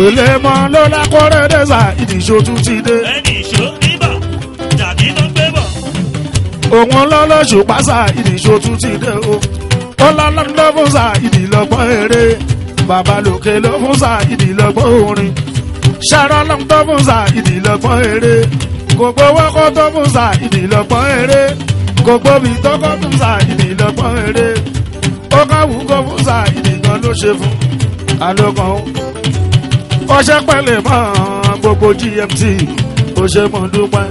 pèlè mọ ló lákọrẹ dẹsà ìdìṣó tún ti dé. ẹnì ìṣó níbà jàdí ló ń gbé bọ̀. òun lọ́lọ́ ṣùpásà ìdìṣó tún ti dé o. ó lọ́lọ́ ń lọ fún sà ìdìlọ́gbọ́n eré. bàbá lòkè ló fún sà ìdìlọ́gbọ́n orin. ṣẹ́rọ́ ló ń tọ́ fún sà ìdìlọ́gbọ́n eré. gbogbo wọ́kọ́ tó fún sà ìdìlọ́gbọ́n eré. gbogbo mi tọ́kọ́ fún sà ìdìlọ́gbọ́n eré. ó káwù kó fún sà ìdìgan ló ṣe fún. àlọ́ ó ọṣẹ pẹ̀lẹ́ mọ́ gbogbo GMT ó ṣe mọ́ dúpẹ́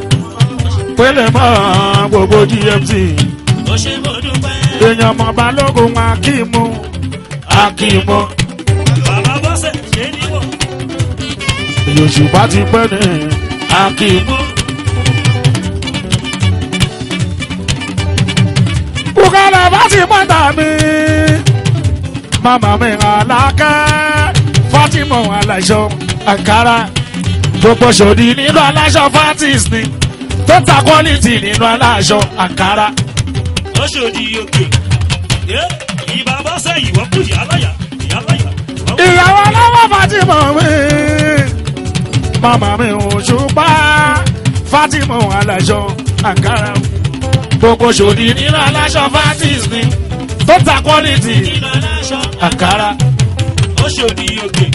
pẹ̀lẹ́ mọ́ gbogbo GMT ó ṣe mọ́ dúpẹ́ èèyàn mọ̀ balógun akíìmù akíìmù. bàbá bọ́sẹ̀ ṣe ní wọ̀. Yorùbá ti pẹ́ ní akíìmù. kúkẹ́ lọ bá ti mọ́ta mi màmá mi hàn lákẹ́. Fatima aláṣọ Ankara gbogbo ṣòdì nínú aláṣọ fatis ni total quality nínú aláṣọ Ankara. ó ṣòdì òkè ìbá bá sẹ́yìn wọ́n kú ìyá láyà ìyá láyà. ìyàwó lọ́wọ́ Fatima mi màmá mi ò ṣùpá Fatima aláṣọ Ankara gbogbo ṣòdì nínú aláṣọ fatis ni total quality Ankara sórí òkè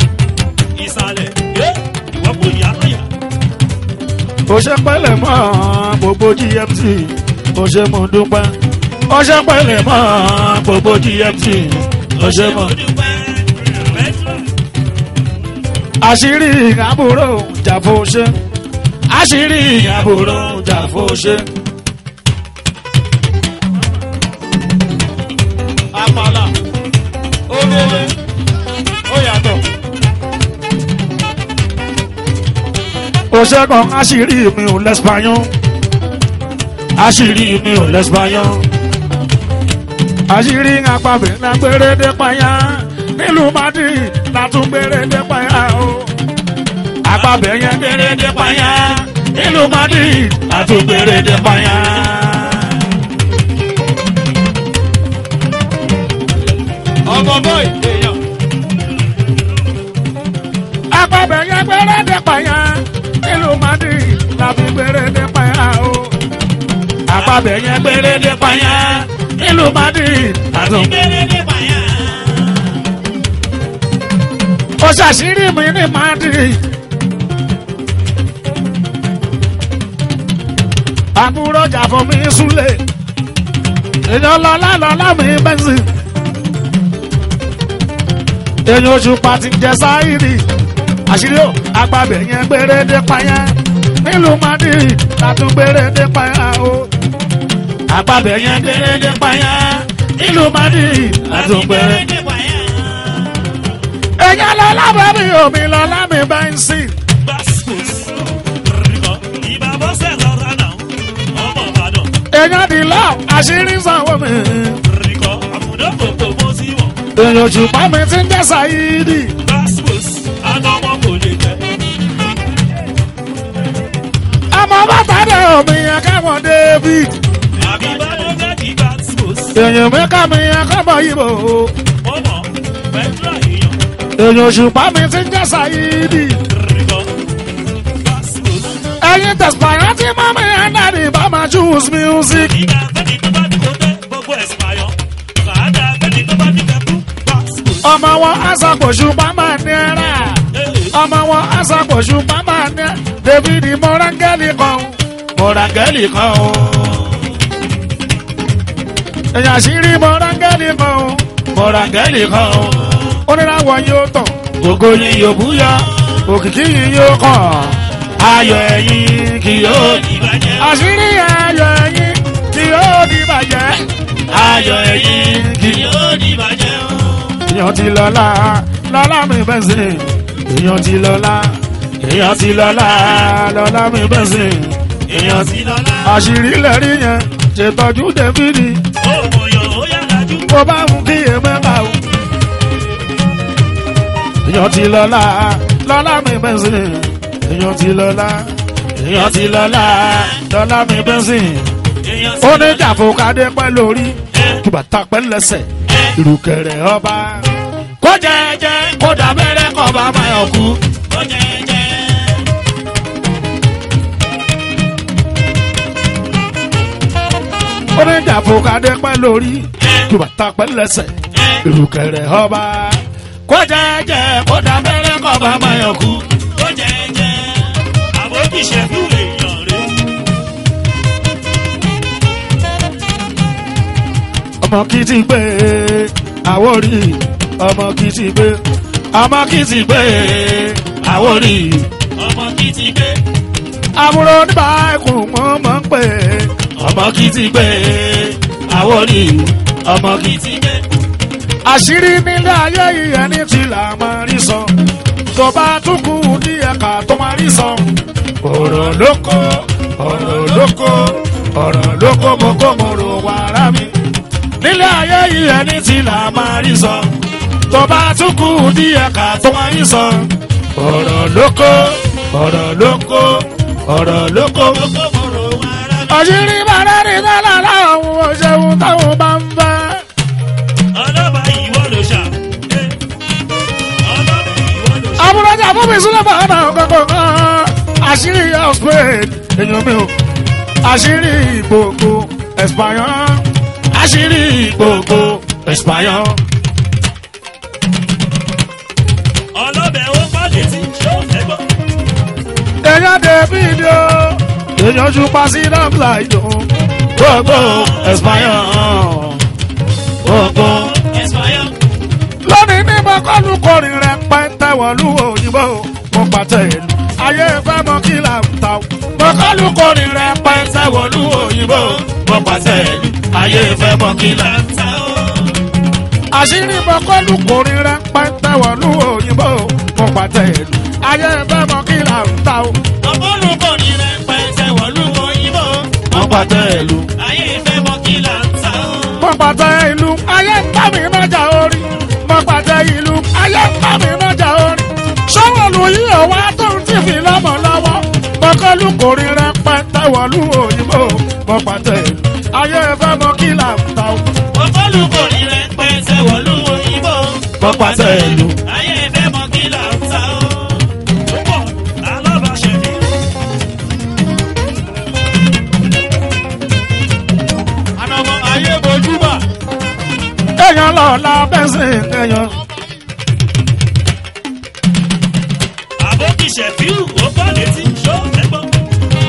ìsàlẹ̀ yé ìwọ kò yá lọ́yà. ó ṣe pẹ́lẹ̀ mọ́ gbogbo GMT ó ṣe mo dúpẹ́ ó ṣe pẹ́lẹ̀ mọ́ gbogbo GMT ó ṣe mo dúpẹ́. àṣírí àbúrò jàfó ṣe àṣírí àbúrò jàfó ṣe. ṣẹ́gun àṣírí mi ò lẹ́sìpáyán àṣírí mi ò lẹ́sìpáyán àṣírí apàbẹ̀ la gbére dé payá nílùú madi la tún gbére dé payá o apàbẹ̀ yẹn gbére dé payá nílùú madi la tún dé payá. ọmọ ìpè. pabẹ yẹn gbẹrẹdẹ payá nílùú Madrid àtún gbẹrẹdẹ payá. ó ṣàṣírí mi ní Madrid. àbúrò jàfọ́ mi súnlẹ̀ èèyàn lọ́lá mi bẹ́sì èèyàn oṣù pati jẹ sáírì àṣírí ò agbábẹ̀ yẹn gbẹrẹdẹ payá nílùú Madrid àtún gbẹrẹdẹ payá o àpapẹ̀ yẹn gbẹ̀rẹ̀dẹ̀ payá nílùú Madrid àtúngbẹ̀. èyàn lọ lábẹ́ mi omi lọ lámì bẹ́ńsì. èyàn di lọ àṣírí sanwó mi. èyàn ṣùgbọ́n mi ti ń jẹ́ Saidi. ọmọ bàtà dẹ̀ omi yẹn kẹ́mọ̀ David èyàn mẹ́ka mi akọ́bọ̀ yìbò. èyàn òṣùpá mi ti ń jẹ́sà yìí bì. ẹyin tẹ̀sípàyàn tí mọ́ mi ẹ̀ndàdì bá máa choose music. ọmọ wọn aṣàpọ̀ṣùpá máa ní ẹ̀rà ọmọ wọn aṣàpọ̀ṣùpá máa ní David mọ̀ràngẹ́lì kan mọ̀ràngẹ́lì kan o ẹ̀yìn àṣírí kan o mọ̀rángẹ́lì kan o oníràwọ̀ yóò tàn ògo ni yóò búyọ òkìkí yìí yóò kàn ayọ̀ ẹ̀yìn kì yóò di bàjẹ́ àṣírí ayọ̀ ẹ̀yìn kì yóò di bàjẹ́ ayọ̀ ẹ̀yìn kì yóò di bàjẹ́ o. èèyàn ti lọ́lá lọ́lá mi bẹ́ẹ̀ sí èèyàn ti lọ́lá èèyàn ti lọ́lá lọ́lá mi bẹ́ẹ̀ sí èèyàn ti lọ́lá àṣírí lẹ́rí yẹn ṣètọ́jú dẹ́fídì. òmòyàn ó yá lajú. bó bá mú kí ẹ mẹ́ta o. èèyàn ti lọ́la lọ́la mi bẹ́sìn. èèyàn ti lọ́la èèyàn ti lọ́la lọ́la mi bẹ́sìn. ó ní jàfòkadé pẹ́ lórí kí bàtà lẹ́sẹ̀ ìrùkẹ̀rẹ̀ ọba. kó jẹ́ jẹ́ kó dàbẹ́rẹ́ kọ́ bá máa yọ̀ kú. oníjà fòkàdé pẹ́ lórí jùbàtà pẹ́ lẹ́sẹ̀ ìrùkẹ̀rẹ̀ ọba. kó jẹ́jẹ́ kó dá mẹ́rẹ́ kọ́ bá máa yàn kú. kó jẹ́jẹ́ àbójúṣe fún èèyàn ọmọ kì í ti gbé àwórí ọmọ kì í ti gbé ọmọ kì í ti gbé àwórí ọmọ kì í ti gbé. àbúrò oníbàákùn mọ́ mọ́ ń pè é ọmọ kì í ti gbé àwọn ni ọmọ kì í ti gbé. àṣírí nílé ayé yìí ẹni tí là máa rí sọ tó bá tún kù díẹ̀ ká tó máa rí sọ. ọ̀rọ̀ ló kó ọ̀rọ̀ ló kó ọ̀rọ̀ ló kó mo kó mo rò wàrà mi. nílé ayé yìí ẹni tí là máa rí sọ tó bá tún kù tó máa rí sọ. ọ̀rọ̀ ló kó ọ̀rọ̀ ló kó ọ̀rọ̀ ló kó mo kó mo àṣírí bàrẹ́ ní tẹ́lẹ̀ láwọn òṣèlú táwọn bá ń fẹ́. ọlọ́ba ìwọ ló ṣà. àbúrọ̀jà fún mi sílẹ̀ bàbá kankan kan àṣírí ọ̀sùn èèyàn mi ò àṣírí gbogbo ẹ̀sìpáyọ̀ àṣírí gbogbo ẹ̀sìpáyọ̀. ọlọ́bẹ̀ ó pàdé tí ṣé ó fẹ́ gbọ́. èèyàn dé bíi ni ó èèyàn ju pàṣírà bla ìjọ. gbogbo expire gbogbo expire. lónìí ní mo kọ́nu kọrin rẹ pẹ́ntẹ́ wọ̀lú òyìnbó mo pàtẹ́ ìlú ayé fẹ́ mọ kí là ń ta o. mo kọ́nu kọrin rẹ pẹ́ntẹ́ wọ̀lú òyìnbó mo pàtẹ́ ìlú ayé fẹ́ mọ kí là ń ta o. àṣírí mo kọ́nu kọrin rẹ pẹ́ntẹ́ wọ̀lú òyìnbó mo pàtẹ́ ìlú ayé fẹ́ mọ kí là ń ta o. ọ̀pọ̀lọpọ̀ ni pàtẹ ìlú. ayé ìfẹ́ mọ kí là ń ta mọ pàtẹ ìlú ayé ń bá mi nájà orí. mọ pàtẹ ìlú ayé ń bá mi nájà orí. sọ́wọ́n lu yí ọ̀wá tó ń tì fi lọ́mọ lọ́wọ́. mọ̀kọ́lù kò rí rẹpẹtẹ wọ̀lú òyìnbó. mọ pàtẹ ìlú ayé ìfẹ́ mọ kí là ń ta mọ̀kọ́lù kò rí rẹpẹtẹ wọ̀lú òyìnbó. mọ pàtẹ ìlú ayé. ọlá bẹ́sẹ̀ kẹyàn. àbókìṣẹ́ fíù ó bọ́ létí ṣó ẹgbọ́n.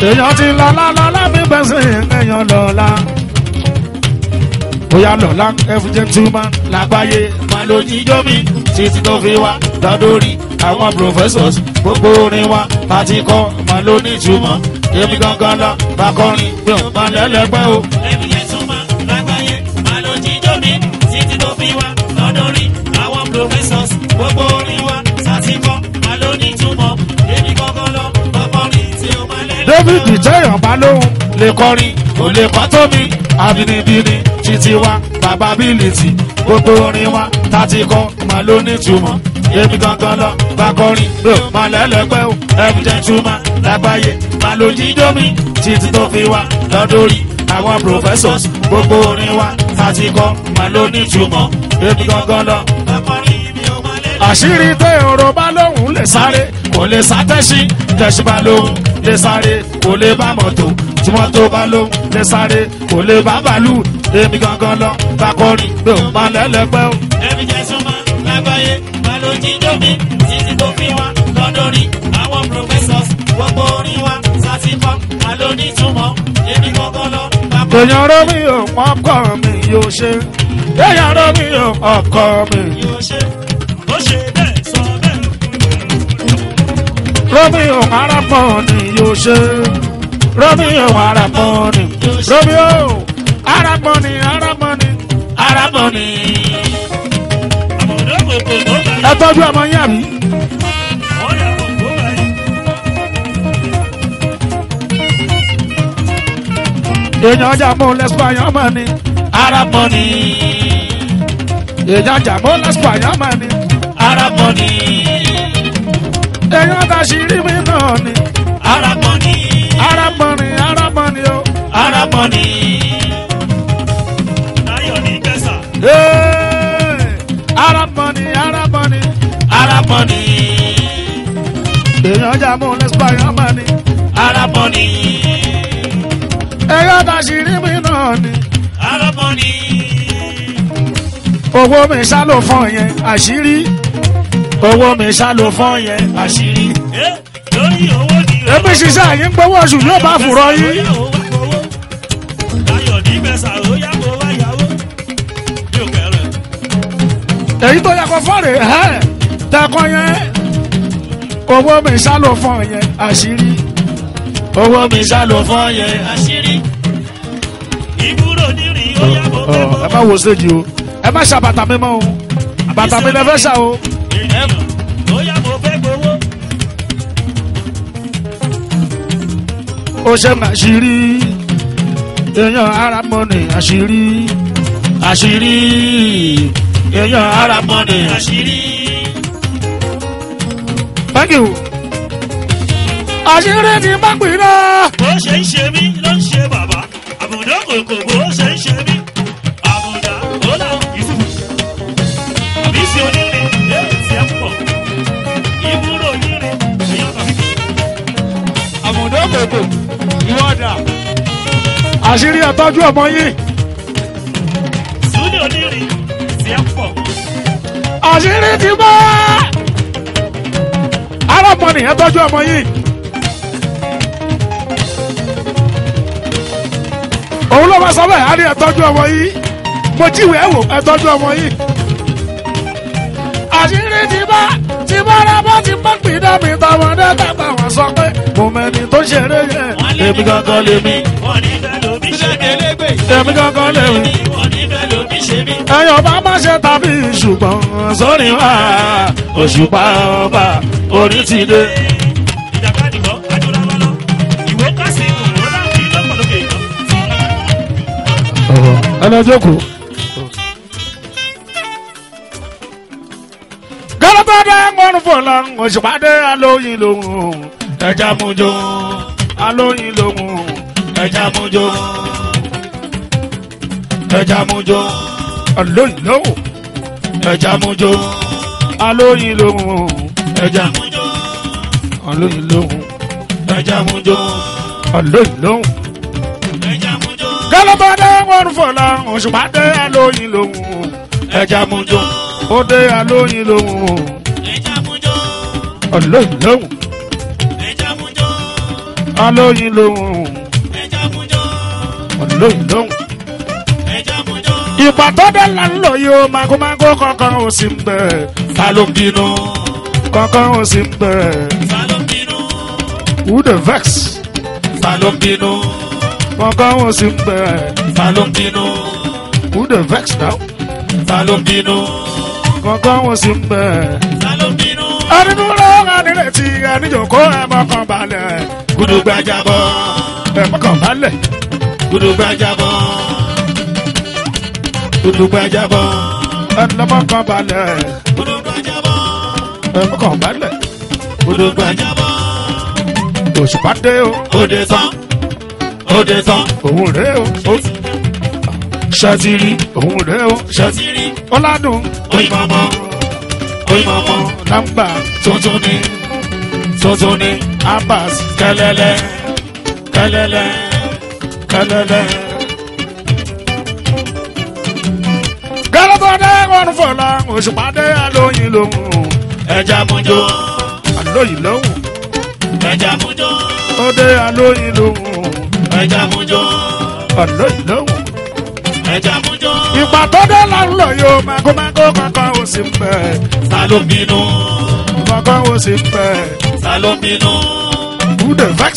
èèyàn ti lọ́lá lọ́lá mi bẹ́sẹ̀ kẹyàn lọ́lá. bóyá lọ́lá every gentleman lágbáyé máa ló jíjọ́ mi títí tó fi wá lọ́dọ́rí àwọn professors gbogbo orin wa láti kọ́ máa ló ní ìtumọ̀ èmi gangan lọ bá kọrin mi ò máa lẹ́lẹ́gbẹ́ o. olórin àwọn professors gbogbo orin wa sátìkọ́ alónítúmọ̀ débi kankan lọ ọkọrin tí ó máa lẹ́nu. David jẹ́yàn balóhùn lè kọrin kò lè kọ́ tó mi àbínibíni títí wa bàbá bílìtì gbogbo orin wa tátìkọ́ máa ló nítumọ̀ èmi gangan lọ bá kọrin bro máa lẹ́lẹ́pẹ́ o ẹ̀bùn jẹ́ lágbàáyé máa lo jíjó mi títí tó fi wá lọ́dún rí àwọn professors gbogbo orin wa àti kọ́ mà ló ní ìtumọ̀ èmi gangan lọ. àṣírí tẹ ọ̀rọ̀ bá lóhùn lè sáré kò lè sátẹ́sí tẹ̀sí bá lóhùn lè sáré kò lè bá mọ́tò tí mọ́tò bá lóhùn lè sáré kò lè bá bàálù èmi gangan lọ bákọ́rin pé òun máa lẹ́lẹ́pẹ́ o. ẹbí jẹ́ súnmọ́ lágbàáyé balójì dómi títí tó fi wá lọ́dọ̀rin àwọn professors gbogbo orin wa sátìkọ́ àlónítùmọ̀ èmi gangan lọ èèyàn rọ mi ò ọkọ mi yóò ṣe èèyàn rọ mi ò ọkọ mi yóò ṣe ó ṣe bẹ́ẹ̀ sọ bẹ́ẹ̀. Romeo arápọ̀ ni yóò ṣe Romeo arápọ̀ ni Romeo arápọ̀ ni arápọ̀ ni arápọ̀ ni. ẹ tọ́jú ọmọ yín àbí. èèyàn jàmó lẹ́sùpàyàn mọ̀ ni Arab money. èèyàn jàmó lẹ́sùpàyàn mọ̀ ni Arab money. èèyàn tàṣírí mi náà ni Arab money. Arab money Arab money o Arab money. ayọ̀ ní bẹ́sà. Arab money Arab money Arab money. èèyàn jàmó lẹ́sùpàyàn mọ̀ ni Arab money ẹyọ tàṣírí mi náà ni. alọ́mọ ni. owó mi sá ló fọ́ yẹn àṣírí owó mi sá ló fọ́ yẹn àṣírí. Eh, lórí owó ni. èmi ṣiṣẹ́ àyín gbowó oṣù yóò bá fùrọ̀ yín. ayọ̀ ní mẹ́sà ó yá mo wá yàwó. mi ò kẹ́rẹ̀. èyí tó yẹ kó fọ́ọ̀rẹ̀ ẹ̀ tẹ́kọ̀ yẹn owó mi sá ló fọ́ yẹn àṣírí owó mi sá ló fọ́ yẹ. àṣírí ìbúrò nírin ó yá mo fẹ́ mọ́. ẹ má wo stage o ẹ má ṣe àbàtà mi mọ́ o àbàtà mi lẹ fẹ́ ṣà o. ó ṣe mà ṣírí èèyàn ara mọ́ ni àṣírí àṣírí èèyàn ara mọ́ ni àṣírí. thank you àṣírí ni má pinna. bó ṣe ń ṣe mí ló ń ṣe bàbá àbùdá kòkò bó ṣe ń ṣe mí. àbùdá ó là Yusuf àbí sí onírin lè tiẹ̀ pọ̀ ìbúrò onírin ìyá bàbá. àbùdá kòkò ìwọ́dà. àṣírí ẹ̀ tọ́jú ọmọ yín. sùdí onírin tiẹ̀ pọ̀. àṣírí ti bá. arábọ̀nì ẹ̀ tọ́jú ọmọ yín. òun ló ma sọ bẹ́ẹ̀ á ní ẹ̀tọ́jú ọmọ yìí mo jíwèé ẹ̀wò ẹ̀tọ́jú ọmọ yìí. àṣírí ti bá ti bá rẹ bá ti bá pín mi tọmọdé tàgbà wọn sọ pé mo mẹni tó ṣeré yẹn èmi gangan lèmi èmi gangan lèmi ẹyọ bá má ṣe tàbí ṣùgbọ́n sórí wa òṣùpá ọba orí ti dé. ẹ Joko. jókòó. gọ́lọ́bọ́dé ńgọ́nù fọlá òṣùpàdé alóyin lòun ẹja mújó alóyin lòun ẹja mújó ẹja mújó alóyin lòun ẹja mújó alóyin lòun ẹja mújó alóyin lòun ẹja mújó alóyin lòun lọ́lọ́bọ̀dé wọn fọlá òṣùpá dé alóyin lòun o ẹja mujó ó dé alóyin lòun o ẹja mujó olóyin lòun ẹja mujó alóyin lòun o ẹja mujó olóyin lòun ẹja mujó. ìgbà tó dé là ń lò yìí o magomago kankan ò sí ń bẹ falóbinú kankan ò sí ń bẹ falóbinú who vex falóbinú kankan wọn sì ń bẹ̀rẹ̀. ta who dey vex now. ta ló ń bínú. kankan wọn sì ń bẹ̀rẹ̀. ta ló ń bínú. arínú lọ́wọ́ nírètí ẹníjòkó ẹ mọ́kàn balẹ̀. gúdúgbà jábọ̀. ẹ mọ́kàn balẹ̀. gúdúgbà jábọ̀. gúdúgbà jábọ̀. ẹni lọ́mọ́kàn balẹ̀. gúdúgbà o. ó ó dé tán òun o ṣẹ́tìrì òun rèé o ṣẹ́tìrì ọ̀làdùn oyinmọ̀mọ́ oyinmọ̀mọ́ nọ́mbà tuntun ni tuntun ni abas Kalele, Kalele, Kalele. gẹ́lẹ́tọ̀ dé wọn fọlá òṣùpàdé àlóyìn lòun. ẹja mújó. àlóyìn lòun. ẹja mújó. ó dé àlóyìn lòun ẹja mújó. àlọ́ ìlọ́wọ̀. ẹja mújó. ìpà tó dé lọ́lọ́ yóò magomago kankan ò sí pẹ́. salomino. kankan ò sí pẹ́. salomino. who vex.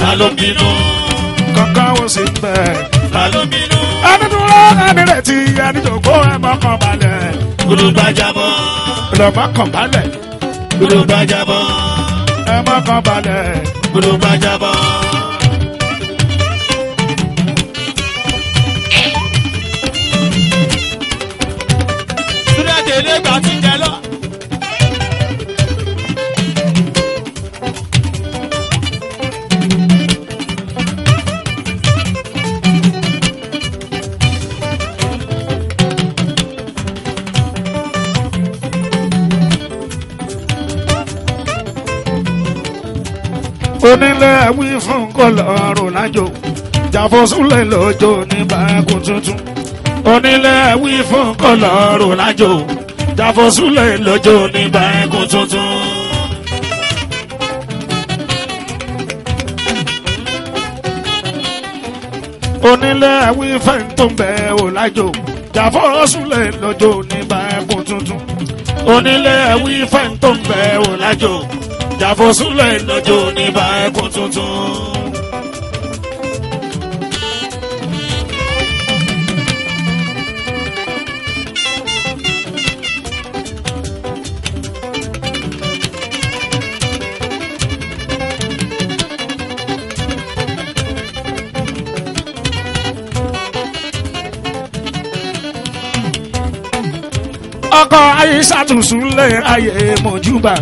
salomino. kankan ò sí pẹ́. salomino. ẹni dúró ẹni retí ẹni jòkó ẹ mọ́kàn balẹ̀. olùbàjàbọ̀. lọ́mọ́kàn balẹ̀. olùbàjàbọ̀. ẹ onílé wí fún kọlọ́rùn lájò jàfọ́súnlẹ̀ lọ́jọ́ oníbàákùn tuntun onílé wí fún kọlọ́rùn lájò jàfọ́súnlẹ̀ lọ́jọ́ oníbàákùn tuntun. onílé wí fẹ́ntúnbẹ̀ ọ̀làjò jàfọ́súnlẹ̀ lọ́jọ́ oníbàákùn tuntun onílé wí fẹ́ntúnbẹ̀ ọ̀làjò jàfọ́súnlẹ̀ lọ́jọ́ níbà ẹkùn tuntun. ọkọ̀ ayé ṣàtúnṣúlẹ̀ ayé mọ̀júbà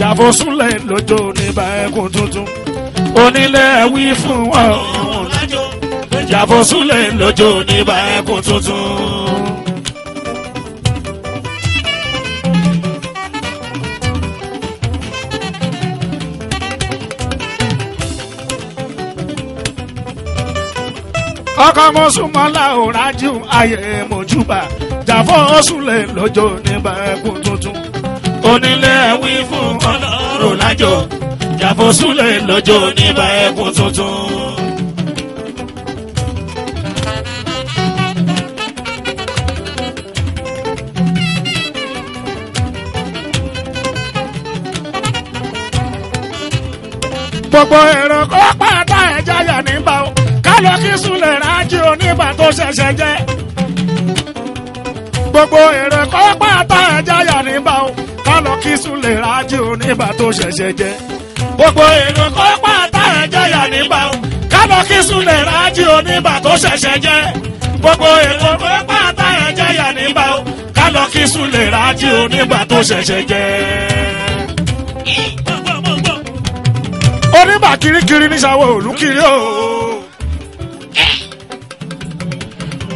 jàfó súnlẹ̀ lójó níbà ẹkùn tuntun onílẹ̀ wí fún wa òun lájò jàfó súnlẹ̀ lójó níbà ẹkùn tuntun. ọkọ mọ́sùmọ́lá òrájú ayé mojúbà jàfọ́ ọ̀sùnlẹ̀ lọ́jọ́ níbà ẹkùn tuntun onílé dùn lájò jàbọ̀ súnlẹ̀ lọ́jọ́ níbà ẹkùn tuntun. gbogbo èrò kó pàtà ẹja yà nígbà o kálọ súnlẹ̀ rájí oníbà tó ṣẹ̀ṣẹ̀ jẹ́. gbogbo èrò kó pàtà ẹja tí Súlè Rájò nígbà tó ṣẹ̀ṣẹ̀ jẹ. gbogbo èrò tó pàtà ẹ̀jẹ̀yà nígbà kálọ̀ kí Súlè Rájò nígbà tó ṣẹ̀ṣẹ̀ jẹ. gbogbo èrò tó pàtà ẹ̀jẹ̀yà nígbà kálọ̀ kí Súlè Rájò nígbà tó ṣẹ̀ṣẹ̀ jẹ oníbà kirikiri ní sáwọ olùkiri o.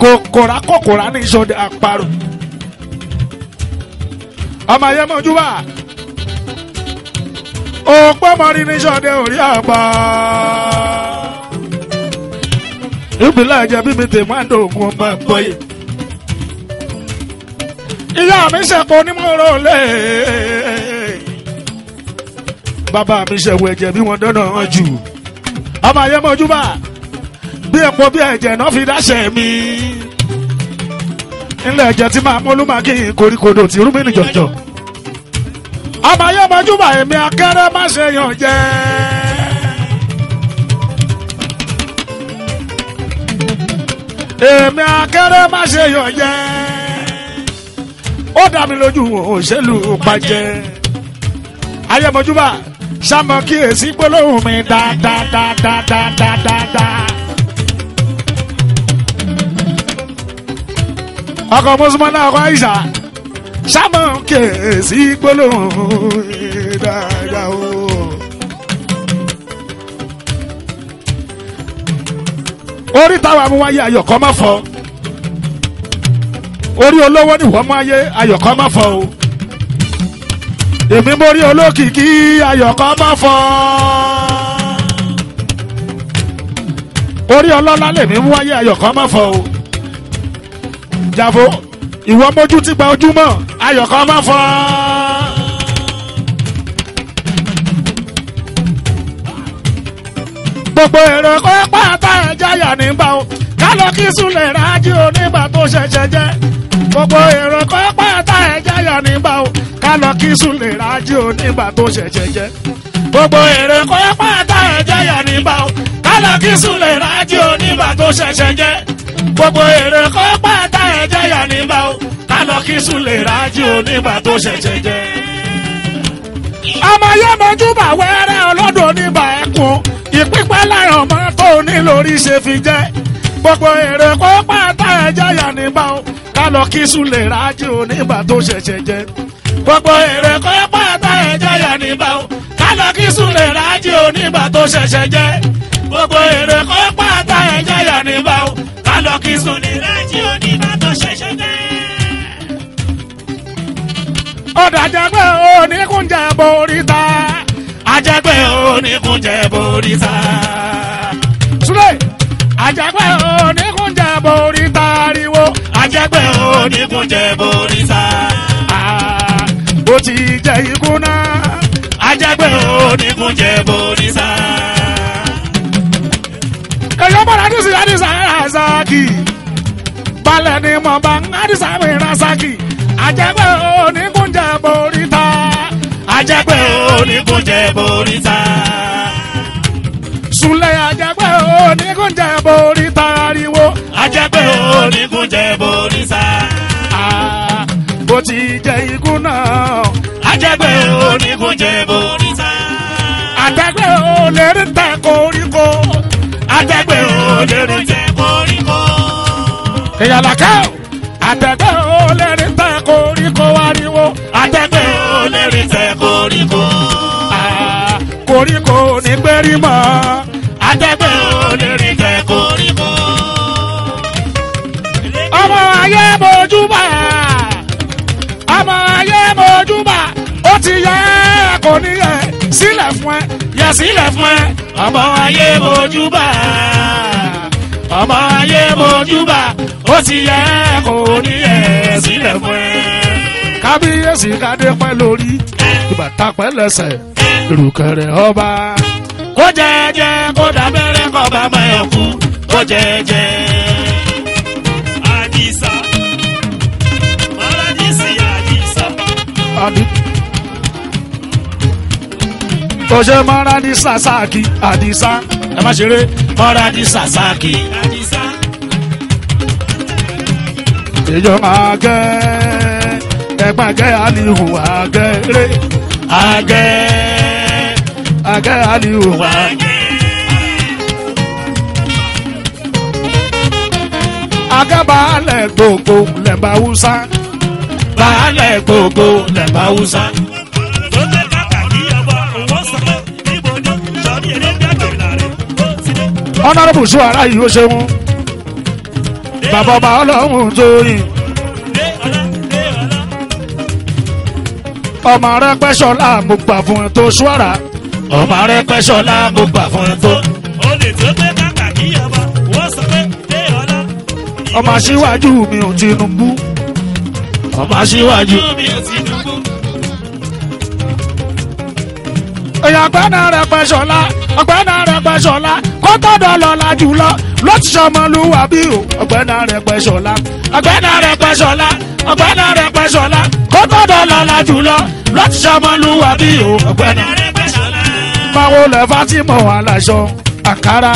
kòkòrà kòkòrà ní sọdẹ àparò ọmọ ayé mọ̀jú wà. òpó mọ́rin ní sọ́dẹ̀ orí ọ̀pọ̀. ìbílẹ̀ ẹ̀jẹ̀ bíbi tèmọ́ àdógún ọmọ ẹ̀kọ́ yìí. ìyá mi ṣẹ̀kọ́ onímọ̀ràn olè. bàbá mi ṣẹ̀wọ̀ ẹ̀jẹ̀ bí wọ́n dáná wọn jù. ọmọ ayé mọ̀jú wà. bí epo bí ẹ̀jẹ̀ náà fi dáṣẹ̀ mi ńlẹ̀ ẹ̀jẹ̀ tí máa mú olúmọ̀kì koríkodò tí rúmi ní jọ̀jọ̀. àbáyọ̀mọ́júbà èmi akẹ́rẹ́ má ṣe yàn jẹ́. èmi akẹ́rẹ́ má ṣe yàn jẹ́. ó dá mi lójú òṣèlú pàjẹ́. ayọ̀mọ́júbà sàmọ́ kíyèsí gbólóhùn mi dáadáa. ọkọ mọ́sùmọ́ náà ọkọ àyíṣà sábà kèsì gbólóhùn dáadáa o. orí táwa mú wáyé ayọ̀kọ́ má fọ́ orí olówó ni wọ́n mú wáyé ayọ̀kọ́ má fọ́ o èmi mo rí olókìkí ayọ̀kọ́ má fọ́ orí ọlọ́lá lèmi mú wáyé ayọ̀kọ́ má fọ́ o. Jàfó ìwọ mójú ti gba ojúmọ́ ayọ̀ kan máa fọ́. gbogbo èrò kó pátá ẹ̀jáyà nígbà o kálọ̀ kí súnlẹ̀ rájí onígbà tó ṣẹ̀ṣẹ̀ jẹ́ gbogbo èrò kó pátá ẹ̀jáyà nígbà o kálọ̀ kí súnlẹ̀ rájí onígbà tó ṣẹ̀ṣẹ̀ jẹ́ gbogbo èrò kó pátá ẹ̀jáyà nígbà o kálọ̀ kí súnlẹ̀ rájí onígbà tó ṣẹ̀ṣẹ̀ jẹ́ gbogbo èrò kó pátá bá o ká lọ kí Sule Raji onígbà tó ṣẹ̀ṣẹ̀ jẹ. ọmọ yẹn mojúbà wẹ́rẹ́ ọlọ́dún oníbà ẹ̀kún ìpínpẹ́ lára ọmọ tó ní lórí ṣe fi jẹ́ gbogbo èrè kó pátá ẹ̀jẹ̀ yà nígbà o ká lọ kí Sule Raji onígbà tó ṣẹ̀ṣẹ̀ jẹ. gbogbo èrè kó pátá ẹ̀jẹ̀ yà nígbà o ká lọ kí Sule Raji onígbà tó ṣẹ̀ṣẹ̀ jẹ. gbogbo èrè kó pátá ẹ̀jẹ̀ yà nígbà o lọ́kì sùn ní rájí oníbàtàn ṣẹ̀ṣẹ̀ dé. ọ̀dà àjàgbé oníkúnjẹ boríta. àjàgbé oníkúnjẹ boríta. súlẹ̀ àjàgbé oníkúnjẹ boríta ariwo. àjàgbé oníkúnjẹ boríta. bó ti jẹ ikú náà. àjàgbé oníkúnjẹ boríta. rasaki balẹ̀ ni mo bá ń àdìsá mi rasaki àjẹgbẹ́ onígunjẹ boríta àjẹgbẹ́ onígunjẹ boríta. Súnlẹ̀ àjẹgbẹ́ onígunjẹ boríta ariwo àjẹgbẹ́ onígunjẹ boríta. bó ti jẹ ikú náà àjẹgbẹ́ onígunjẹ boríta. àjẹgbẹ́ olè ń tẹ koríko àjẹgbẹ́ olè ń tẹ. Àlàkẹ́ o àtẹ̀gbẹ́ o lẹ́rìí tẹ koríko ariwo àtẹ̀gbẹ́ o lẹ́rìí tẹ koríko ah, koríko ní gbérímọ àtẹ̀gbẹ́ o lẹ́rìí tẹ koríko. ọmọ ayé mojúbà ọmọ ayé mojúbà ó ti yẹ kò ní yẹ sílẹ̀ fún ẹ yẹ sílẹ̀ fún ẹ ọmọ ayé mojúbà ọmọ ayé mojúbà ó ti yẹ kó ní ẹ sílẹ̀ fún ẹ. kábíyèsí kádé pẹ́ lórí ìbàtà pẹ́ lẹ́sẹ̀ ìrùkẹ̀rẹ̀ ọba. kó jẹ́jẹ́ kó dábẹ́rẹ́ kọ́ bá máa kú kó jẹ́jẹ́. Adisa, Maradisi Adisa. Adisa tọ́ṣẹ́ mọ́ra ní sàsáàkì àdìsá ẹ má ṣeré mọ́ra ní sàsáàkì àdìsá. ìjọba àgẹ́ ẹgbàgẹ́ àlìhù àgẹ́rẹ́ àgẹ́ àgẹ́ àlìhù àgẹ́. àgẹ́ baálẹ̀ gbogbo lẹ́mbà húsá baálẹ̀ gbogbo lẹ́mbà húsá. ọ̀nàrẹ́bù sí wàrà yìí ó ṣeun bàbá ọba ọlọ́run tó yìn ọmọ rẹ pẹ́ṣọ́lá mo gbà fún ẹ tó ṣúwàrà ọmọ rẹ pẹ́ṣọ́lá mo gbà fún ẹ tó. ó lè tó pé bàbá kí ọba wọ́n sọ pé dé ọlá. ọmọ aṣíwájú mi ò Tinubu ọmọ aṣíwájú mi ò Tinubu. èèyàn ọgbẹ́ náà rẹ pẹ́ṣọ́lá ọgbẹ́ náà rẹ pẹ́ṣọ́lá ó tọ́dọ̀ lọ́la jùlọ ló ti sọmọlúwa bí o ọ̀gbẹ́nà rẹ̀ pẹ̀ṣọ̀lá ọ̀gbẹ́nà rẹ̀ pẹ̀ṣọ̀lá ọ̀gbẹ́nà rẹ̀ pẹ̀ṣọ̀lá ó tọ́dọ̀ lọ́la jùlọ ló ti sọmọlúwa bí o ọ̀gbẹ́nà rẹ̀ pẹ̀ṣọ̀lá. máwo lẹ Fatima aláṣọ àkàrà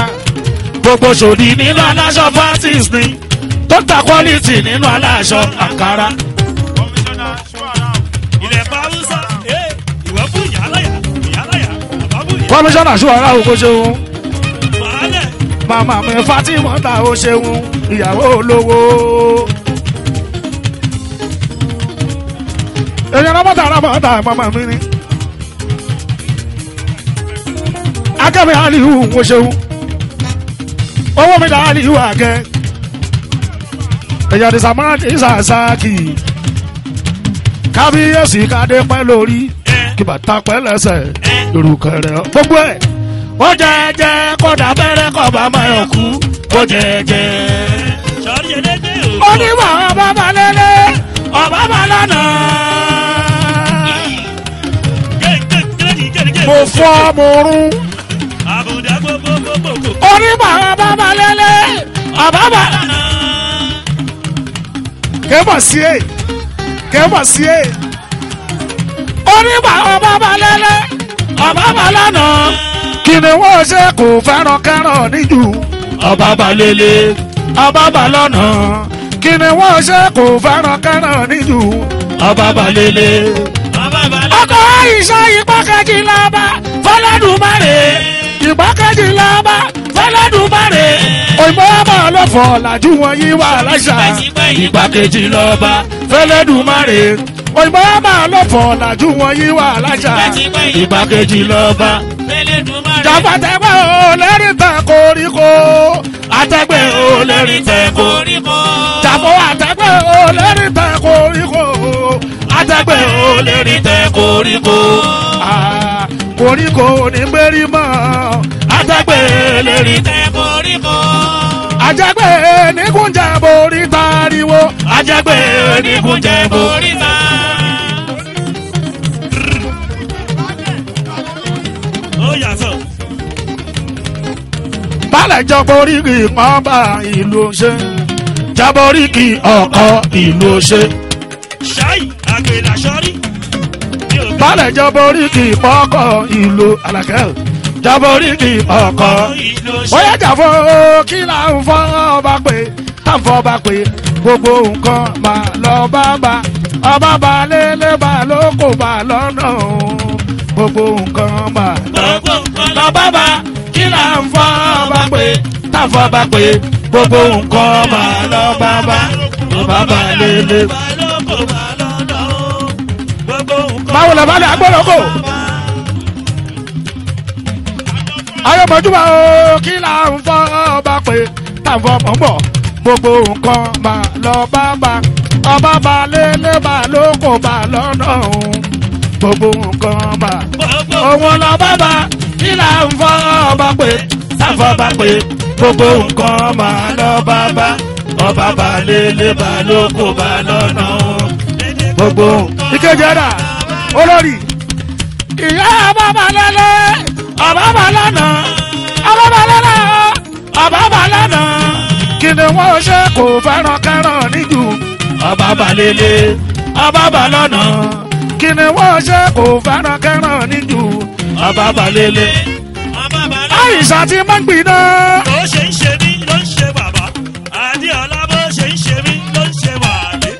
gbogbo ṣòdì nínú aláṣọ parties ni tó ta quality nínú aláṣọ àkàrà. kọmíṣánná ṣùgbọ́n aláwọ̀ kó ṣe òun màmá mi Fatimota ó ṣeun ìyàwó olówó. èyí ọlọ́mọta ọlọ́mọta màmá mi ni. akẹ́mi aliyu ó ṣeun owó mi da aliyu àgẹ́ èyí ọ̀dísà máa ń sàṣàkì kábíyèsí kádé pẹ́ lórí kí bàtà pẹ́ lẹ́sẹ̀ lórúkọ rẹ̀ gbogbo ẹ̀ ó jẹ́jẹ́ kódà bẹ́rẹ́ kọ́ bá máa yàn kú ó jẹ́jẹ́. onímọ̀ ọba balẹ̀lẹ̀ ọba balẹ̀nà. mo fọ́ mo rún. onímọ̀ ọba balẹ̀lẹ̀ ọba balẹ̀nà. kẹ́bọ̀ sí e kẹ́bọ̀ sí e. onímọ̀ ọba balẹ̀lẹ̀ ọba balẹ̀nà kí ni wọ́n ṣe kò fẹ́ràn kárọ̀ níjù. ọba balẹ̀lẹ̀ ọba balọ̀nà. kí ni wọ́n ṣe kò fẹ́ràn kárọ̀ níjù. ọba balẹ̀lẹ̀ ọba balọ̀nà. ọkọ ìṣe ìpọ́kẹ́jì lọ́ba fọlọ́dúnmáre ìpọ́kẹ́jì lọ́ba fọlọ́dúnmáre. òyìnbó ọmọ ọlọ́fọ̀ọ́ làjú wọn yí wà láṣà. ìgbàkejì lọ́ba fọlọ́dúnmáre òyìnbó máa lọ́fọ̀ làjú wọn yí wà lájà ìgbàkejì lọ́ba. jàpàtẹ́gbẹ́ ò lẹ́rìí tẹ koríko àtẹ́gbẹ́ ò lẹ́rìí tẹ koríko jàpọ̀ àtẹ́gbẹ́ ò lẹ́rìí tẹ koríko àtẹ́gbẹ́ ò lẹ́rìí tẹ koríko koríko ní gbérí mọ́ àtẹ́gbẹ́ lẹ́rìí tẹ koríko àtẹ́gbẹ́ nígúnjà borí pariwo. ajagbe oníkunjẹ borí ta. ó yà sọ. balẹ̀ jọpọ̀ oríkì pọ́nba ìlú ṣe jábọ̀ oríkì ọkọ̀ ìlú ṣe. ṣáì àgbèlà sọ́rí. balẹ̀ jọpọ̀ oríkì pọ́kọ̀ ìlú alákẹ́ jábọ̀rí kì í ọkọ̀. ó yẹ jàfọ́ kí là ń fọ́ ọba pé tá ń fọ́ ọba pé gbogbo nǹkan mà lọ bàbá ọba bá lélẹ̀ bá ló kò bá lọ́nà òun gbogbo nǹkan mà lọ bàbá kí là ń fọ́ ọba pé táfọ́ bá pé gbogbo nǹkan mà lọ bàbá ọba bá lélẹ̀ bá ló kò bá lọ́nà òun gbogbo nǹkan mà lọ bàbá. bá ayọ̀mọ̀júmọ̀ o kí là ń fọ́ ọba pé táfọ́ mọ̀ ń bọ̀ gbogbo nǹkan mà lọ bá bá ọba bá lélẹ̀ bá ló kò bá lọ́nà òun gbogbo nǹkan mà òun lọ bá bá nílà ń fọ ọba pé sáfọ bá pé gbogbo nǹkan mà lọ bá bá ọba bá lélẹ̀ bá ló bá lọ́nà òun gbogbo. ìkejì ẹ̀dá olórí ìyá ọba bá lélẹ̀ ọba bá lọ́nà ọba bá lọ́nà ọba bá lọ́nà kí ni wọ́n ṣe kò fẹ́ràn kẹ́ràn níjù. ọba balẹ̀lẹ̀ ọba balọ̀nà. kí ni wọ́n ṣe kò fẹ́ràn kẹ́ràn níjù. ọba balẹ̀lẹ̀ ọba balọ̀nà. àyíṣà ti máa ń gbiná. ló ṣe ń ṣe mí ló ń ṣe bàbá àdìọ́lá bó ṣe ń ṣe mí ló ń ṣe wàhálì.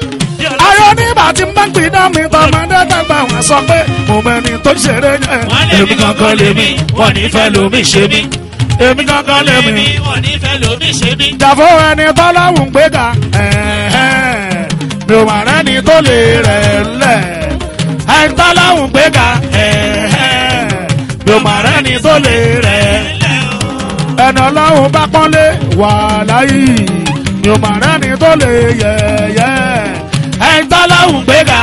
ayọ̀ nígbà tí máa ń gbiná mi tọmọdé dàgbà wọn sọ pé mo mẹ́ni tó ṣeré yẹn. wọ́n lè mi kankan lè mi wọ́n ní fẹ́ lómi ṣe mi èmi gangan lè mi. èmi wọ̀ nífẹ̀ẹ́ lómi ṣe mí. jàfó ẹni tọ́láwùn gbéga mi ò mà rẹ́ni tó lè rẹ̀ lẹ̀. ẹni tọ́láwùn gbéga mi ò mà rẹ́ni tó lè rẹ̀ lẹ̀. ẹni ọlọ́run bá pọ́nlé wà láyé mi ò mà rẹ́ni tó lè yẹ̀yẹ́. ẹni tọ́láwùn gbéga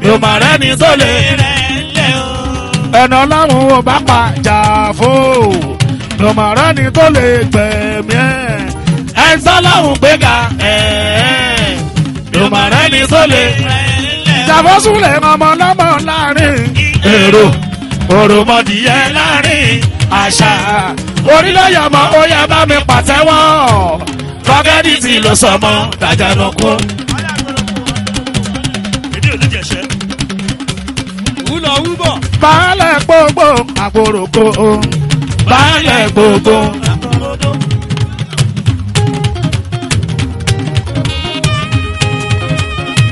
mi ò mà rẹ́ni tó lè rẹ̀ ẹnu ọlọ́run ò bá pàjà fò lọ́mọ̀rán ni tó lè gbẹ̀mí ẹ̀ ẹ̀ ń sọ́lọ́run gbéga ẹ̀ ẹ̀ lọ́mọ̀rán ni tó lè jàfọ́sùlẹ̀ ọmọ lọ́mọ láàrin èrò òròmọdìyẹ láàrin àṣà orílẹ̀-èdè ọmọ ó yẹ bá mi pàtẹ́wọ́ fọ́gẹ́dì tí ló sọmọ dájà lọ́kọ́. baálẹ̀ gbogbo àgbòrògbò baálẹ̀ gbogbo.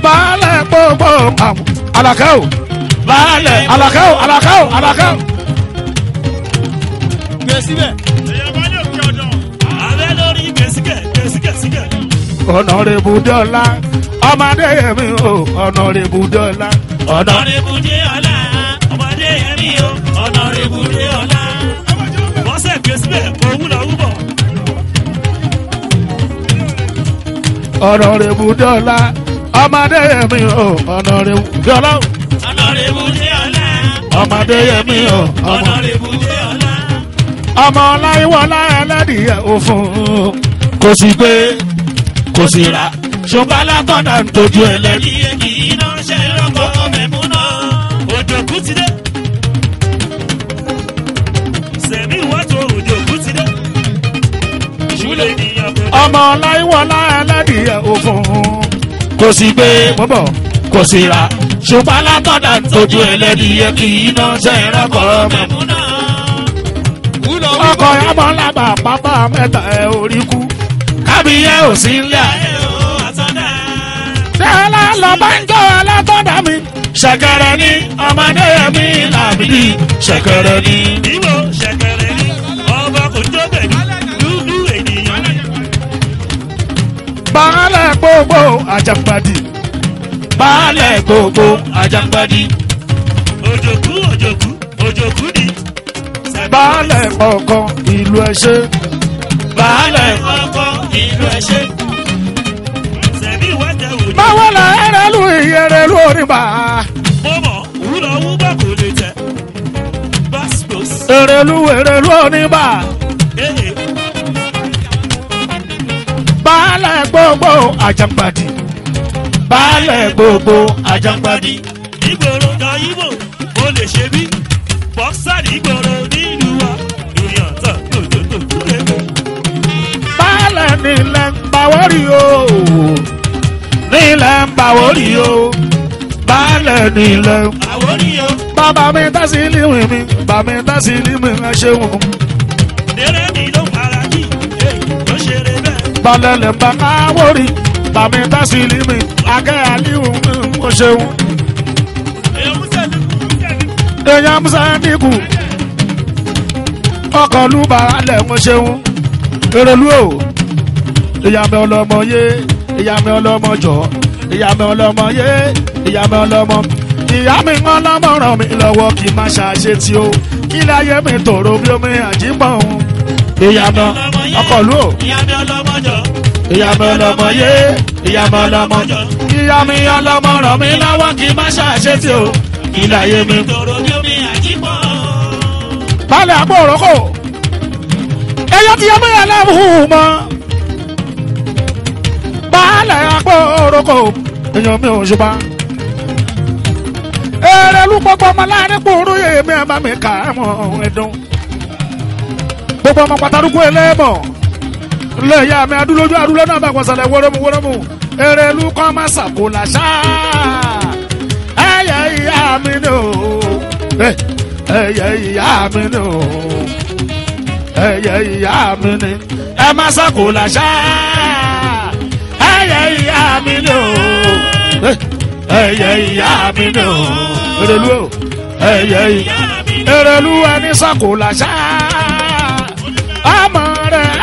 baálẹ̀ gbogbo alakẹ́ o baálẹ̀ alakẹ́ o alakẹ́ o alakẹ́ o. gbèsè. ọ̀nàrẹ́bù dọ́là ọmọdé yẹmi o ọ̀nàrẹ́bù budola, ọ̀nàrẹ́bù budola. Honorable Dọ́lá ọmọdé yẹmi o Honorable Dọ́lá. Honorable Dọ́lá ọmọdé yẹmi o Honorable Dọ́lá. ọmọ ọláyíwọlá ẹlẹ́dìyẹ òfun kò sí gbé kò sí rà ṣùgbọ́n alákọ̀ọ́dà ń tọ́jú ẹlẹ́dìyẹ. ọmọ láìwọlá ẹlẹ́dìí òfun. kò sí gbé kò sí ra ṣùgbọ́n látọ̀dà tójú ẹlẹ́dìí kì í ná ṣe rọ́kọ̀ mẹ́múná. ọkọ̀ yàgbọ́ làgbà pápá mẹ́ta ẹ̀ orí kú kábíyé ò sí ilé ayé o àtọ́dá. ṣé lálọ́ bá ń jọ látọ̀dà mi. ṣẹ̀kẹ̀rẹ̀ ni ọmọdé mi làbí ṣẹ̀kẹ̀rẹ̀ ni. ìwọ ṣẹ̀kẹ̀rẹ̀. baálẹ̀ gbogbo àjàngbàdì. baálẹ̀ gbogbo àjàngbàdì. òjòkú òjòkú òjòkú ni. baálẹ̀ ọkọ ìlú ẹ̀ṣẹ́. baálẹ̀ ọkọ ìlú ẹ̀ṣẹ́. sẹ̀mí wẹ́tẹ̀ òjò. báwo la ẹrẹ́lú ìyẹrẹ́lú oníbà. mo mọ̀ wúlọ̀ wúbọ̀ kò lè tẹ̀. erelu erelu oníbà. baálẹ̀ gbogbo àjàngbàdì baálẹ̀ gbogbo àjàngbàdì. ìgboro ga ibo ó lè ṣe bí bọ́ksàdì ìgboro nílùú wa èèyàn tán tòótòótò lẹ́nu. baálẹ̀ nílẹ̀ ń bá wọ́rí o nílẹ̀ ń bá wọ́rí o baálẹ̀ nílẹ̀ ń bá wọ́rí o. bàbá mi dá sí ilé ìwé mi bàbá mi dá sí ilé ìwé mi ẹ ṣeun balẹ̀lẹ̀ bá káwórì bàmí tásìlì mi akẹ́ àlíhù mo ṣeun. èèyàn musa dínkù ọkọ̀ lù bàálẹ̀ mo ṣeun. erelu o ìyàmẹ́ ọlọ́mọ yé ìyàmẹ́ ọlọ́mọ jọ ìyàmẹ́ ọlọ́mọ yé ìyàmẹ́ ọlọ́mọ ìyá mi ń ọlọ́mọ ràn mí lọ́wọ́ kí n má ṣàṣetì o kí láyé mi tòrò bí omi àjíbọ̀ ìyàmọ ọkọ lu o. ìyàmọ ọlọmọ yé ìyàmọ ọlọmọ. ìyàmọ ọlọmọ ràn mí lọ́wọ́ kí má ṣàṣe tí o. ìlàyé mi. balẹ̀ àpò òrókò. ẹyọ ti yọmọ yẹn lẹ́hùn mọ́. balẹ̀ àpò òrókò. èèyàn mi ò ṣùgbọ́n èrè lùpọ̀pọ̀ ọmọ láàrin kúrú èmi ẹ̀ bá mi kà á mọ̀ ẹ̀dùn gbogbo ọmọ pàtàkùn ẹlẹ́mọ̀ lẹ́yà mi adúlójú adúlọ́ náà bá gbọ̀nsẹ̀lẹ̀ wọ́rọ́mù wọ́rọ́mù erelu kọ́ má sàkólà ṣá ẹ̀yẹ ìyá mi nù ẹ̀yẹ ìyá mi nù ẹ̀yẹ ìyá mi nù ẹ má sàkólà ṣá ẹ̀yẹ ìyá mi nù ẹ̀yẹ ìyá mi nù erelu ẹ̀yẹ ìyá mi nù erelu ẹni sàkólà ṣá ọmọ rẹ̀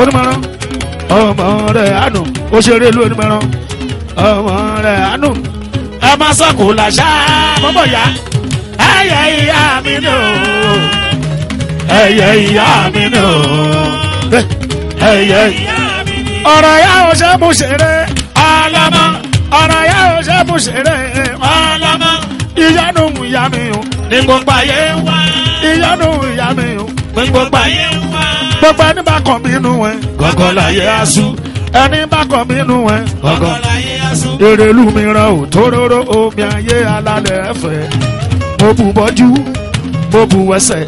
onímọ̀ràn anu, rẹ̀ àánú òṣèré ìlú onímọ̀ràn ọmọ rẹ̀ àánú ẹ má sọ̀kò làṣà bọ́bọ̀ yá ẹyẹ ìyá mi nù ẹyẹ ìyá mi nù ẹyẹ ìyá mi nù ọ̀rọ̀ yà ó ṣe mú ṣeré ọlọ́mọ ọ̀rọ̀ yà ó ṣe mú ṣeré ọlọ́mọ ìyanu ìyá mi o ní gbogbo ayé wa ìyanu ìyá mi o pé gbogbo ayé ń wá. gbogbo ẹni bá kàn mí inú wọn. gọ́gọ́ láyé aṣú. ẹni bá kàn mí inú wọn. gọ́gọ́ láyé aṣú. èrèlú mi ràn ò tóróró omi ayé alálẹ̀ ẹ̀fẹ̀. mo bù bọ́jú mo bù ẹsẹ̀.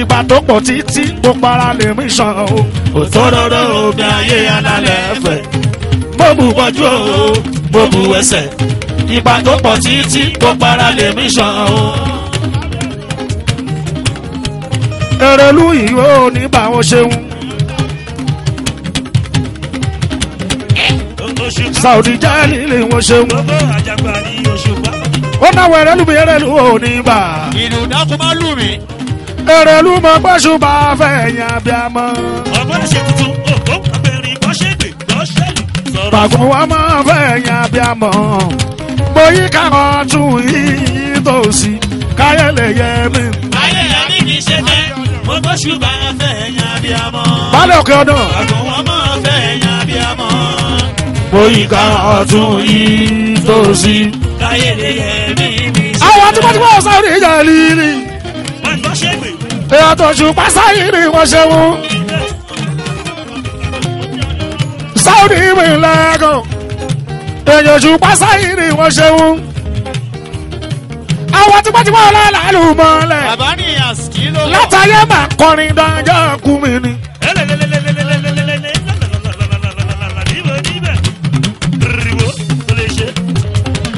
ìgbà tó pọ̀ títí mo para lè mí sàn o. ò tóróró omi ayé alálẹ̀ ẹ̀fẹ̀. mo bù bọ́jú o mo bù ẹsẹ̀. ìgbà tó pọ̀ títí mo para lè mí sàn o. Erelu yìí ó ní bá wọn ṣeun. Saudi Jali lè wọn ṣeun. Ó náwó Erelu mi Erelu ó ní bá. Ìlú dákú bá lù mí. Erelu mọ gbọ́sùn bá fẹ̀yìn abiyamọ. Ọgbọ́n ṣe tuntun, òkú abẹ́rìn gbọ́ṣẹ́gbè gbọ́ṣẹ́lì. Bàgùn wa máa fẹ̀yìn abiyamọ. Mo yí ká ọtún yìí tòsí, káyẹ̀lẹ̀ yẹ mi ògbóṣùbà fẹ̀yìn abiyamọ. bálẹ̀ òkè ọdún. àgùnwọ̀n mọ̀ fẹ̀yìn abiyamọ. bóyìká ọ̀tún yìí tó sí. káyọ̀dé yẹ mí mi. àwọn tí wọ́n ti wọ́n sáré ìjà líle. wọ́n gbọ́ ṣẹ́gbẹ̀. èyí àtọ̀jù pàṣẹ ìrìn wọ́n ṣẹ́wọ́n. sáwọ́dì ìwé ńlá gan. èyí àtọ̀jù pàṣẹ ìrìn wọ́n ṣẹ́wọ́n àwọn tipátipá ọlọ́lá ló mọ́lẹ̀. bàbá ni àsìkí ló lọ. látàyè máa kọrin dájọ́ kú mi ni.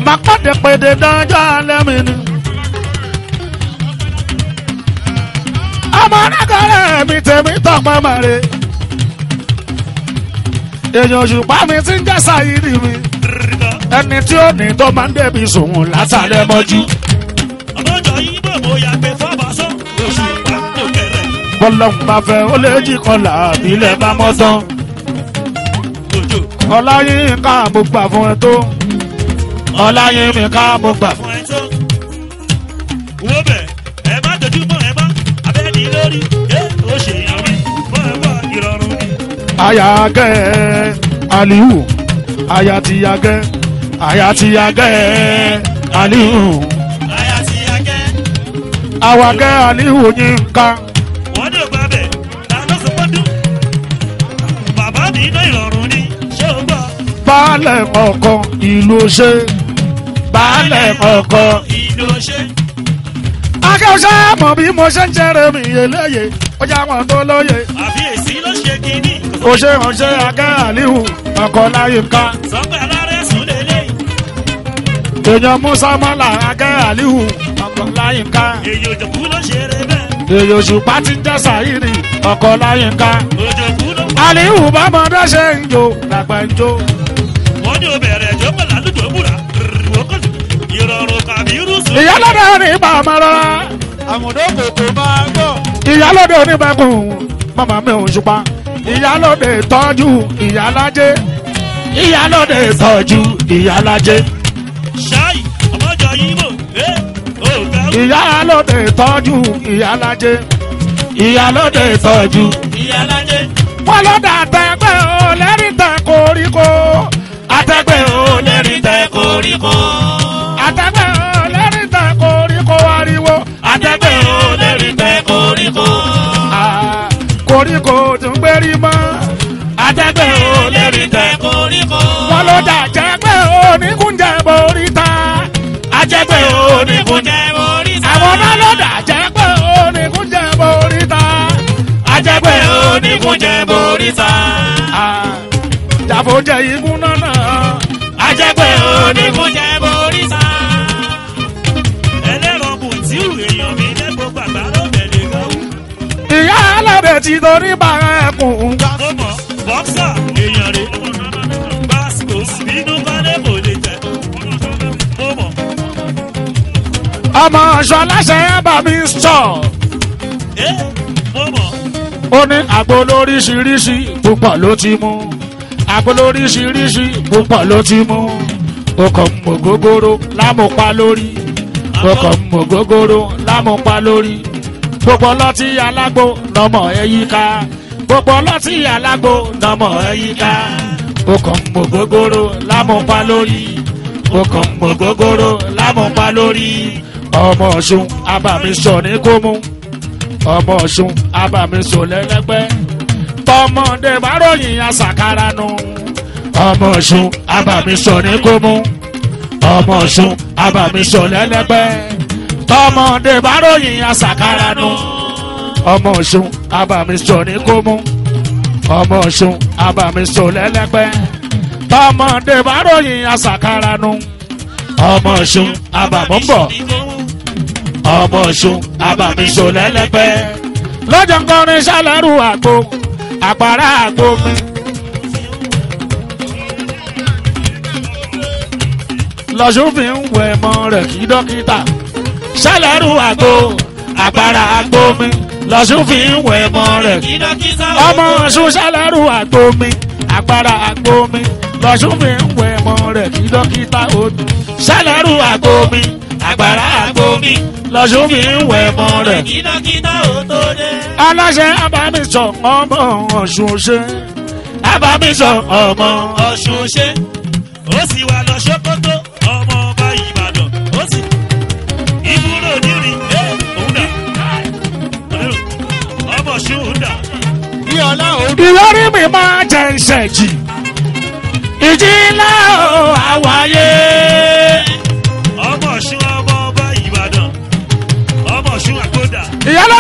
máa pàdé pèdè dájọ́ alẹ́ mi ni. ọmọ arákọ̀ọ́rẹ́ mi tèmi tọpẹ́ mẹ́rin. èèyàn òṣùpá mi ti ń jẹ́ sáyidi mi. ẹni tí ó ní tó máa ń débi sòun látàlẹ́ mọ́jú mọ̀ ó lè jí kọlà àbílẹ̀ bá mọ́ tán. ọláyínká mo gbà fún ẹ tó. ọláyínká mo gbà fún ẹ tó. wo bẹ̀ ẹ má dojú mọ́ ẹ má abẹ́ni lórí ẹ ó ṣe àmì mọ́ ẹ wá ìrọ̀rùn àyà gẹ́ aliu àyà ti yà àyà ti yà aliu àwàkẹ́ àníhù Yínká. wọ́n ní ògbà bẹ̀ lànà sọ́kọ́dún bàbá mi iná ìrọ̀rùn ni ṣé o gbọ́. baálẹ̀ kọ̀ọ̀kan ìlú ṣe baálẹ̀ kọ̀ọ̀kan ìlú ṣe. akẹ́wọ́sẹ́ mọ̀ bí mo ṣe ń jẹ́rẹ̀ mi eléyè ó jẹ́ àwọn tó lóye. àbí èsì ló ṣe kínní. kò ṣe ìrànṣẹ́ akẹ́ àníhù ọkọ̀ láyé ká. sọ́kẹ́ èèyàn musa mọ́là akẹ́ alihu ọkọ̀ láyínká. èèyàn òjòkú ló ṣe eré bẹ́ẹ̀. èèyàn òṣùpá ti ń jẹ́ sàyírì ọkọ̀ láyínká. òjòkú ló. alihu bámọdé ṣe ń jò làgbà ń jò. wọ́n ní obìnrin ẹ̀jọ́ pẹ̀lú àlùjọ búra ìrọ̀rùn tàbí rúṣù. ìyálóde ní bàmọ́ rárá. àmùdó kòkó máa ń bọ̀. ìyálóde oníbẹ̀kùn màmá mi ò ń ṣùpá. ìyálóde tọ́jú ìyálájé. ìyálóde tọ́jú ìyálájé. ìyálóde tọ́jú ìyálájẹ ìyálóde tọ́jú ìyálájẹ. wọ́n ló dà tẹ́gbẹ́ o lẹ́rìí tẹ koríko. àtẹ́gbẹ́ o lẹ́rìí tẹ koríko. àtẹ́gbẹ́ o lẹ́rìí tẹ koríko ariwo. àtẹ́gbẹ́ o lẹ́rìí tẹ koríko. koríko tún gbérí mọ́. àtẹ́gbẹ́ o lẹ́rìí tẹ koríko. wọ́n ló dà jẹ́gbẹ́ o nígúnjẹ́ borí ta. àjẹgbẹ́ o. fòjẹ igun nánà. àjẹpẹ́ onígunjẹ borí sá. ẹlẹ́rọ bùtíù èèyàn mi lẹ́gbọ́ bàbá lọ́bẹ̀ lè lọ́wọ́. ìyá alábẹ̀ ti torí bàrà ẹkùn. tó mọ̀ bọ́ksà èèyàn rẹ̀ báṣkò bínú balẹ̀ kò lè jẹ́ tó mọ̀. ọmọ ọ̀ṣọ́ aláṣẹ bá mi sọ. ó ní àgbo lóríṣiríṣi púpọ̀ ló ti mú àgbo lóríṣiríṣi púpọ̀ ló ti mú ọkọ̀ mọ̀gógóró lámùpá lórí ọkọ̀ mọ̀gógóró lámùpá lórí gbogbo ọlọ́tí alágbo lọ́mọ ẹ̀yí ká gbogbo ọlọ́tí alágbo lọ́mọ ẹ̀yí ká ọkọ̀ mọ̀gógóró lámùpá lórí ọkọ̀ mọ̀gógóró lámùpá lórí ọmọ ọ̀ṣun abàmísọ̀ ní kó mú ọmọ ọ̀ṣun abàmísọ̀ lẹ́lẹ́gbẹ́ tọmọdé bá ròyìn àṣàkárà nu. ọmọ ọ̀ṣun abàmísọ̀ ní kó mú ọmọ ọ̀ṣun abàmísọ̀ lẹ́lẹ́gbẹ́ tọmọdé bá ròyìn àṣàkárà nu. ọmọ ọ̀ṣun abàmísọ̀ ní kó mú ọmọ ọ̀ṣun abàmísọ̀ lẹ́lẹ́gbẹ́ tọmọdé bá ròyìn àṣàkárà nu. ọmọ ọ̀ṣun abàmúbọ̀ ọmọ ọ̀ṣun abàmísọ̀ lẹ́lẹ́gbẹ́ lọ́jọ́ ń kọrin ṣàlàrú àgbo àpárá àgbófin. lọ́sùnfin ń wẹ̀ mọ́ rẹ̀ kí dókítà ṣẹlẹ̀rù àgbo àpárá àgbófin lọ́sùnfin ń wẹ̀ mọ́ rẹ̀ kí dókítà ọmọ ọ̀ṣun ṣẹlẹ̀rù àgbófin àpárá àgbófin lọ́sùnfin ń wẹ̀ mọ́ rẹ̀ kí dókítà ó dùn ṣẹlẹ̀rù àgbófin àpárá àgbófin lọ́sùn mi ń wẹ̀ mọ́ rẹ̀. kìtàkìtà ò tó dé. aláṣẹ abamisọ ọmọ ọ̀ṣun ṣe. abamisọ ọmọ ọ̀ṣun ṣe. ó sì wà lọ ṣókótó ọmọ ọba ìbàdàn ó sì ìbúrò nírin ẹ òun dà ọmọ ọ̀ṣun dà. ìwọ́rí mi máa jẹ ìṣẹ̀jì ìjì ńlá àwáyé.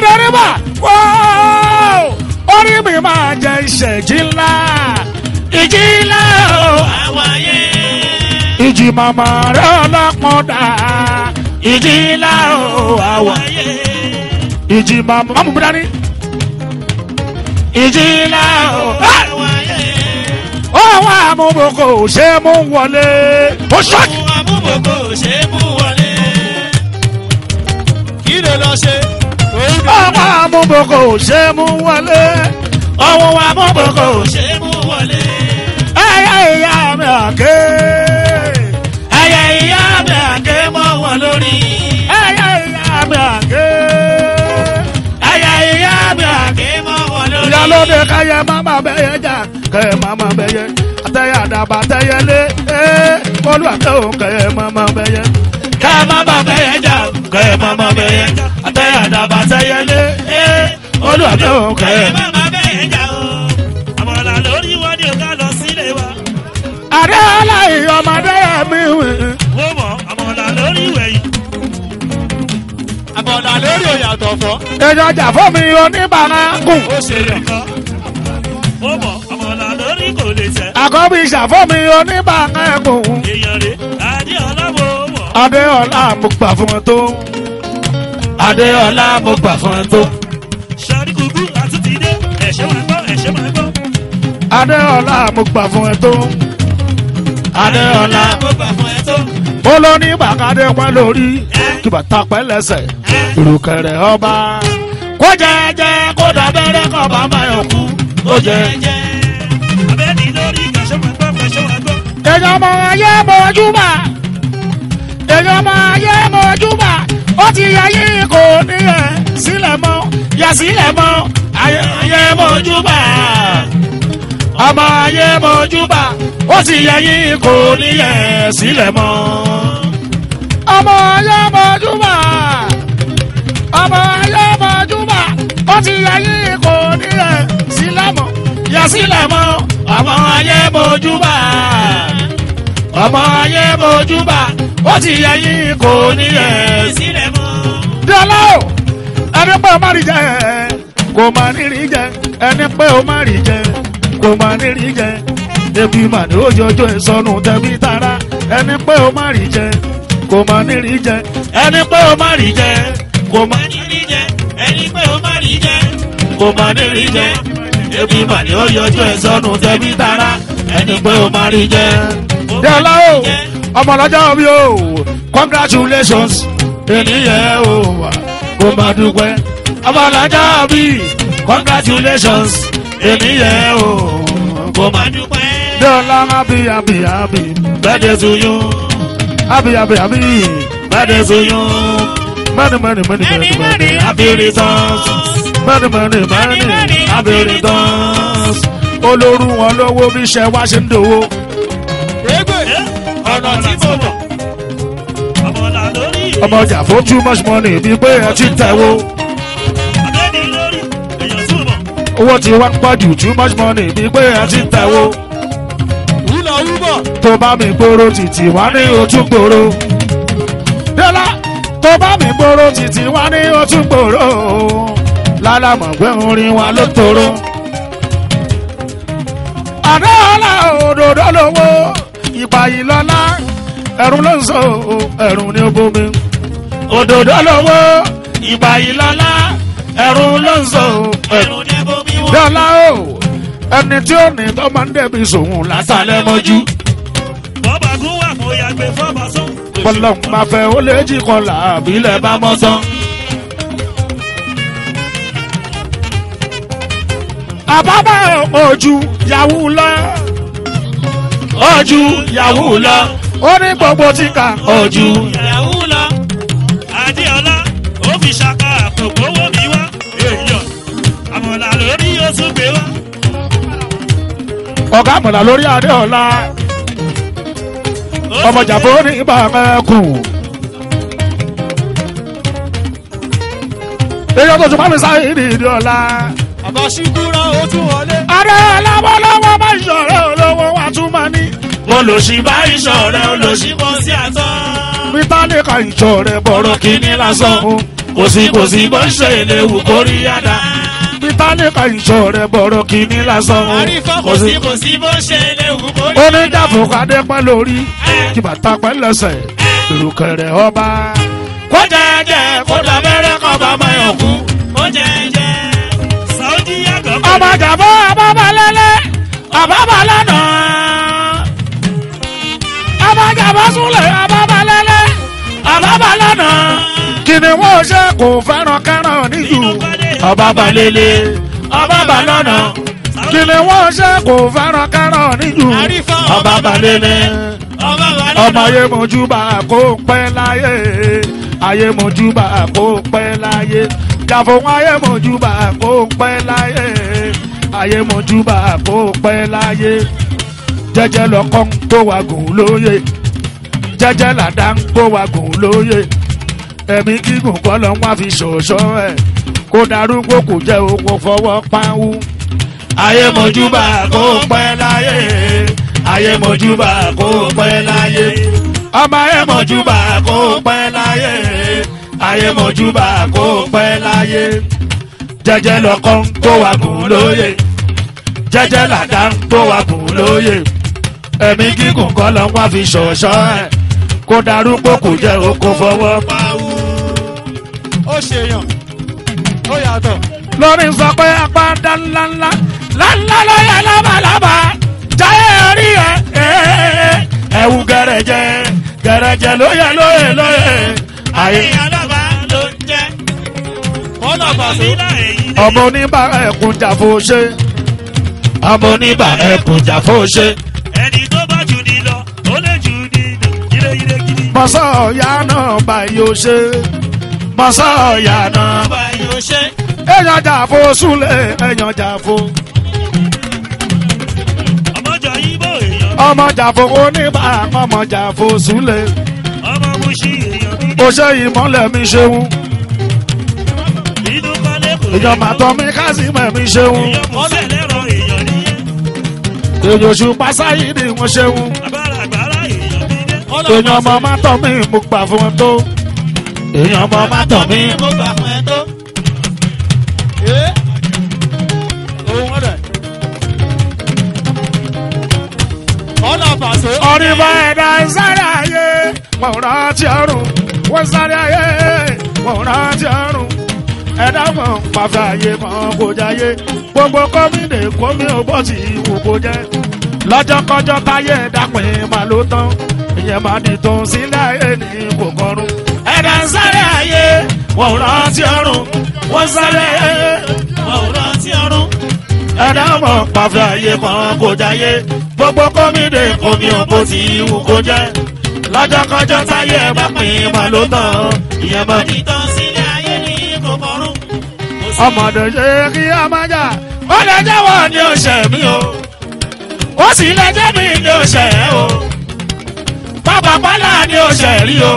lọ́dọ̀ rí mà wọ́ọ́ orí mi máa jẹ ìṣẹ̀jì ńlá ìjì ńlá o àwáyé ìjì màmá rẹ ọlọ́pọ̀n dà ìjì ńlá o àwáyé ìjì màmá màmú bí dání ìjì ńlá o àwáyé ohun àmúbòkò ṣe mú wọlé ó ṣọ́ọ̀kì. ohun àmúbòkò ṣe mú wọlé kí ló lọ ṣe ọwọ́ amúboko ò ṣe mú wọlé. ọwọ́ amúboko ò ṣe mú wọlé. ẹyẹ ìyá mi àké. ẹyẹ ìyá mi àké mọ́ wọn lórí. ẹyẹ ìyá mi àké. ẹyẹ ìyá mi àké mọ́ wọn lórí. ìyálóde káyẹ máma bẹyẹ jà kẹyẹ máma bẹyẹ àtẹyẹ àdàbà tẹyẹ lé ẹ kọlu àtẹwò kẹyẹ máma bẹyẹ. kẹyẹ máma bẹyẹ jà kẹyẹ máma bẹyẹ jà àtàbà sẹ́yẹ́lé olùwàbẹ̀ òkè. ẹ̀yẹ má má bẹ̀yẹ̀ jà o àmọ̀là lórí wọn ni ọ̀gá lọ sílé wa. adé láì ọmọdé mi wì. wo mọ àmọ̀là lórí wẹ̀yìn. àmọ̀là lórí òyàtọ̀ fọ́. èèyàn jà fún mi oníbàárà gùn. ó ṣe yọ kọ́ ó mọ àmọ̀là lórí kò lè tẹ̀. àkọ́bí ìṣàfọ́mi oníbàárà gùn. èèyàn rè adé ọlá mo mọ̀. adé ọlá mo gbà fún wọn tó. Adeola mo gbà fún ẹ tó. Sọ̀rí kùkú àtúntì dé, ẹ̀ṣẹ̀ máa gbọ́, ẹ̀ṣẹ̀ máa gbọ́. Adéọlá mo gbà fún ẹ tó. Adéọlá mo gbà fún ẹ tó. Ó lọ ní bàkàdé pẹ́ lórí, kí bàtà pẹ́ lẹ́sẹ̀, ìrùkẹ̀rẹ̀ ọba. Kó jẹ jẹ kó dàbẹ́rẹ́ kọ́ bá máa yọ̀ kú, kó jẹ jẹ. Abẹ́ni lórí kẹ̀ṣẹ́ máa gbọ́, kẹ̀ṣẹ́ máa gbọ́. Èèyàn mọ̀ ayé mọ̀ ojúmọ̀. Èèyàn mọ̀ ayé mọ̀ ojúmọ̀ ti ayé kò ní ẹ̀ sílẹ̀ mọ́ yà sílẹ̀ mọ́ ayé mojúbà ọmọ ayé mojúbà ó ti ayé kò ní ẹ̀ sílẹ̀ mọ́ ọmọ ayé mojúbà ọmọ ayé mojúbà ó ti ayé kò ní ẹ̀ sílẹ̀ mọ́ yà sílẹ̀ mọ́ ọmọ ayé mojúbà ọmọ ayé mojúbà ó ti yẹ yín kò ní yẹ sílẹ̀ mọ́. dọ́là o ẹni pé o má rí jẹ kò má ní jẹ ẹni pé o má rí jẹ kò má ní jẹ ebi mà ní ojoojó ìsọnù tẹbi tara ẹni pé o má rí jẹ kò má ní jẹ ẹni pé o má rí jẹ kò má ní jẹ ẹni pé o má rí jẹ kò má ní jẹ ebi mà ní ojoojó ìsọnù tẹbi tara ẹni pé o má rí jẹ. dọ́là o ọmọ lọ́jọ́ mi o congratulations ènìyàn o kò má dúpẹ́ ọmọ lọ́jọ́ mi congratulations ènìyàn o kò má dúpẹ́. Dọ́là má bí àbí àbí bẹ́ẹ̀dẹ̀ suyún. Àbí àbí àbí bẹ́ẹ̀dẹ̀ suyún. Mẹ́rin mẹ́rin mẹ́rin mẹ́rin mẹ́rin àbí rìsọ́s. Mẹ́rin mẹ́rin mẹ́rin àbí rìsọ́s. Olórú wọn lówó bí iṣẹ́ wá ṣe ń dòwó ọ̀nà tí mo mọ̀ ọmọlà lórí. ọmọ ọjà fún too much money bíi pé ẹ ti ń tẹ̀wó. abẹ́ni lórí èèyàn tún mọ̀. owó ti wá ń pàdù too much money bíi pé ẹ ti ń tẹ̀wó. wúlò wúbọ̀. tó bá mi gbòòrò títì wá ní ojú gbòòrò. délá tó bá mi gbòòrò títì wá ní ojú gbòòrò. lálàmọ̀gbẹ́ orin wa ló tóró. àdáhàlà òdòdó lówó ìbàyí lọ́lá ẹ̀rùn ló ń sọ ẹ̀rùn ní bomi. òdòdó lówó ìbàyí lọ́lá ẹ̀rùn ló ń sọ ẹ̀rùn ní bomi wọn. dọ́là o ẹni tí ó ní tó máa ń dẹ̀bi sòun lásàlẹ̀ mọ́jú. bọ́bà tún wà mo yàgbé fọ́bà sán. bọ́lọ́mù máa ó lè jí kan làbílẹ̀ bá mọ́ sán. àbábà ojú yahoo lọ ojú yahoo lọ. ó ní gbogbo tí kà ojú yahoo lọ. adéọlá ó fi ṣaka àpòpọ̀ owó mi wá. èèyàn àmọ̀là lórí oṣù gbé wá. ọ̀gá àmọ̀là lórí adéọlá ọmọ jàbó ní bàmẹ́ kù. èyí tó tún bá mi sáyé ní ọ̀la. àbá ṣíkúrọ̀ ojú wọlé. adéọlá bọ́lá wọn máa ń ṣọ̀rọ̀ olówó wa tún máa olòṣì bá ìṣọ̀rẹ́ olòṣì bọ́ sí àtọ́. bítáníkà ìṣọ̀rẹ́ bọ̀rọ̀ kìíní lásán kò sí kò sí bó ṣe lè wù kó rí yàda. bítáníkà ìṣọ̀rẹ́ bọ̀rọ̀ kìíní lásán kò sí kò sí bó ṣe lè wù kó rí yàda. onídàfọ̀ kadé pẹ́ lórí kí bàtà pẹ́ lẹ́sẹ̀ ìrùkẹ̀rẹ̀ ọba. kó jẹ́jẹ́ kó dàbẹ́rẹ́ kọ́ bàbá yọ̀kú kó jẹ́jẹ́ sàójì yàgò. súnlẹ̀ àbábalẹ́lẹ́ àbábalẹ́nà kìnìún ọ̀ṣẹ́ kò fẹ́ràn kẹràn nílùú àbábalẹ́lẹ́ àbábalẹ́nà kìnìún ọ̀ṣẹ́ kò fẹ́ràn kẹràn nílùú àbábalẹ́lẹ́ ọmọ ayé mojú bá kó pẹ́ láyé ayé mojú bá kó pẹ́ láyé jàfòun ayé mojú bá kó pẹ́ láyé ayé mojú bá kó pẹ́ láyé jẹ́jẹ́ lọ́kọ́ ń kó gùn lóye jẹ́jẹ́ làdá ń kó wa gùn lóye ẹ̀mí gígùn kọ́ lọ wá fi ṣòṣọ́ ẹ̀ kó darúgbó kò jẹ́ oko fọwọ́ pánwú. ayé mojúbà kó pẹ́ láyé ayé mojúbà kó pẹ́ láyé ọmọ ayé mojúbà kó pẹ́ láyé ayé mojúbà kó pẹ́ láyé jẹ́jẹ́ lọkọ ń kó wa gùn lóye jẹ́jẹ́ làdá ń kó wa gùn lóye ẹ̀mí gígùn kọ́ lọ wá fi ṣòṣọ́ ẹ̀ kó darúgbó kò jẹ́ okun fọwọ́. ó ṣèyàn ó yàtọ̀. lórí sọ pé apá dá ńlá ńlá ńlá ló yẹ lábàlábà jáyé orí ẹ ẹ̀wù gẹ̀rẹ̀jẹ̀ gẹ̀rẹ̀jẹ̀ ló yẹ lóye lóye. àyè alábà ló ń jẹ́ kọ́nà pàṣẹ. ọmọ oníbà ẹkùn jàfó ṣe ọmọ oníbà ẹkùn jàfó ṣe. bọ́sọ̀ ọ̀yà náà báyìí ó ṣe bọ́sọ̀ ọ̀yà náà báyìí ó ṣe. èèyàn jàfo súnlẹ̀ èèyàn jàfo. ọmọjà ibo èèyàn. ọmọjà fowó níbà ọmọjà fo súnlẹ̀. ọmọ mo ṣí èèyàn mi. mo ṣe ìmọ̀lẹ̀ mi ṣeun. inú kọ́lé kò yẹ. ìjọba tó mi kásìmọ̀ mi ṣeun. ìyọ̀mọ̀sẹ̀ lẹ́rọ èèyàn nìyẹn. èèyàn ṣùpá sáyé ni wọ́n ṣeun. bàbá èèyàn ọmọ má tọ̀ mí mo gbà fún ẹ tó èèyàn ọmọ má tọ̀ mí mo gbà fún ẹ tó. orí bá ẹ̀dá sáré ayé wọn ò rántí ọ̀run wọn sáré ayé wọn ò rántí ọ̀run ẹ̀dá mọ̀ pàfẹ́ ayé mọ̀ kò jáyé gbogbo kọ́mìnì kọ́mì ọgbọ́n ti wù kó jẹ́ lọ́jọ́kọ́jọ́ táyé dàpọ̀ ìmọ̀ ló tán ìyẹn máa di tó sílẹ̀ ẹni kò kọrùn. ẹ̀dá ń sáré ayé wọ́n rántí ọ̀run wọ́n sáré ayé wọ́n rántí ọ̀run. ẹ̀dá mọ̀ pàfẹ́ ayé kan kò jáyé gbogbo kọ́mídé omi òkò tí ìwù kò jẹ́. lọ́jọ́kọ́jọ́ táyé dàpọ̀ ìmọ̀ ló tán ìyẹn máa di tó sílẹ̀ ẹni kò kọrùn. ọmọdé ṣe kí a máa jà ó jẹ́wọ́ ni ó ṣẹ̀ mí o ó sì ń lẹ́jọ́ mi ni ó ṣẹ̀ ẹ́ o bàbá pálá ni ó ṣẹ̀ rí o.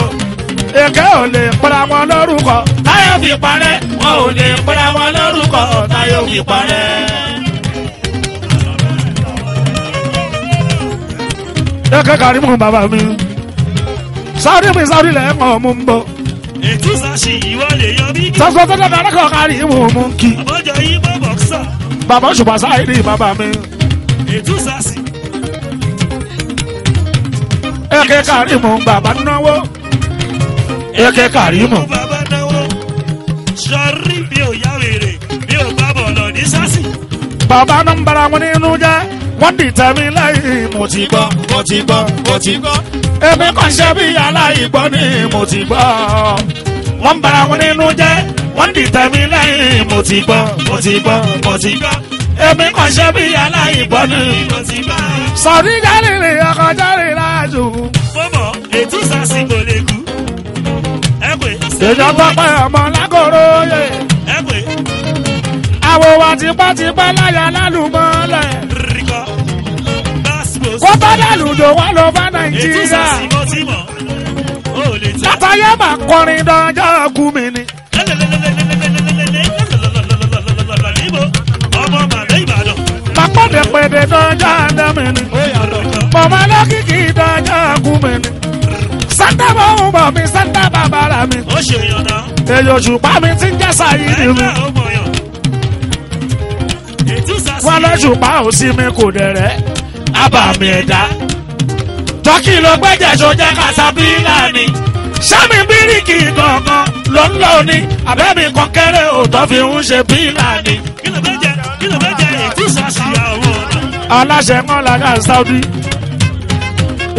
èké ò lè para wọn lórúkọ. táyọ̀ fi parẹ́ wọn ò lè para wọn lórúkọ táyọ̀ fi parẹ́. ẹkẹ kari mu bàbá mi sáré mi sáré lẹ mọ mu ń bọ. ètùsà sì ìwọ lè yọ bí. sọsọ tó dábàá lọkọ kari mu mú kí. àbọ̀jọ yìí bọ̀ bọ̀ sọ. bàbá ṣùgbọ́n sáré bàbá mi ètú sàṣì. ẹ̀kẹ́ kàrímù bàbá náwó. ẹ̀kẹ́ kàrímù. bàbá náwó sọrí mi o yá wèrè mi ò bá bọ̀ lọ ní sàṣì. bàbá náà ń bara wọn nínú jẹ́ wọ́n dìtẹ̀ mi láì mo ti gbọ́ mo ti gbọ́ mo ti gbọ́. èmi kàn ṣe bí aláìgbọ́ ni mo ti gbọ́. wọ́n bara wọn nínú jẹ́ wọ́n dìtẹ̀ mi láì mo ti gbọ́ mo ti gbọ́ mo ti gbọ́ èmi kàn ṣe bí aláìbọ́ ni. sọ̀rí jáde rè ọkọ̀ jáde láàjò. bọ́bọ̀ ètò sàṣìkò lè kú. ìjọba pẹ́ ọmọ lágòrò yẹ. àwọ̀ wa tipátipá láyà lálùmọ́lẹ̀. kó bá lálùdò wá lọ bá nàìjíríà. látàyè máa kọrin dájọ́ kú mi ni. pẹ̀lẹ́ dọ́jà dámẹ́ni. mọ̀mọ́ lọ́kìkì dọ́jà kúmẹ́ni. sátá bọ̀ ń bọ̀ mi sátá bàbá rà mi. ó ṣe yọ̀dá. èyí òṣùpá mi ti ń jẹ́ sàyí nìlú. wọ́n lọ́ṣùpá òsì mi kò dẹ̀rẹ́ abàmì ẹ̀dá. tọ́kì ló gbẹ́jẹ̀ sójà kàṣàbílà ni. sẹ́mi bíríkì gangan ló ń lò ní abẹ́mi kọ́kẹ́rẹ́ òótọ́ fi ń ṣe bílà ni. kí ló fẹ́ jẹ kí ló fẹ́ jẹ aláṣẹ ńlá lága Saudi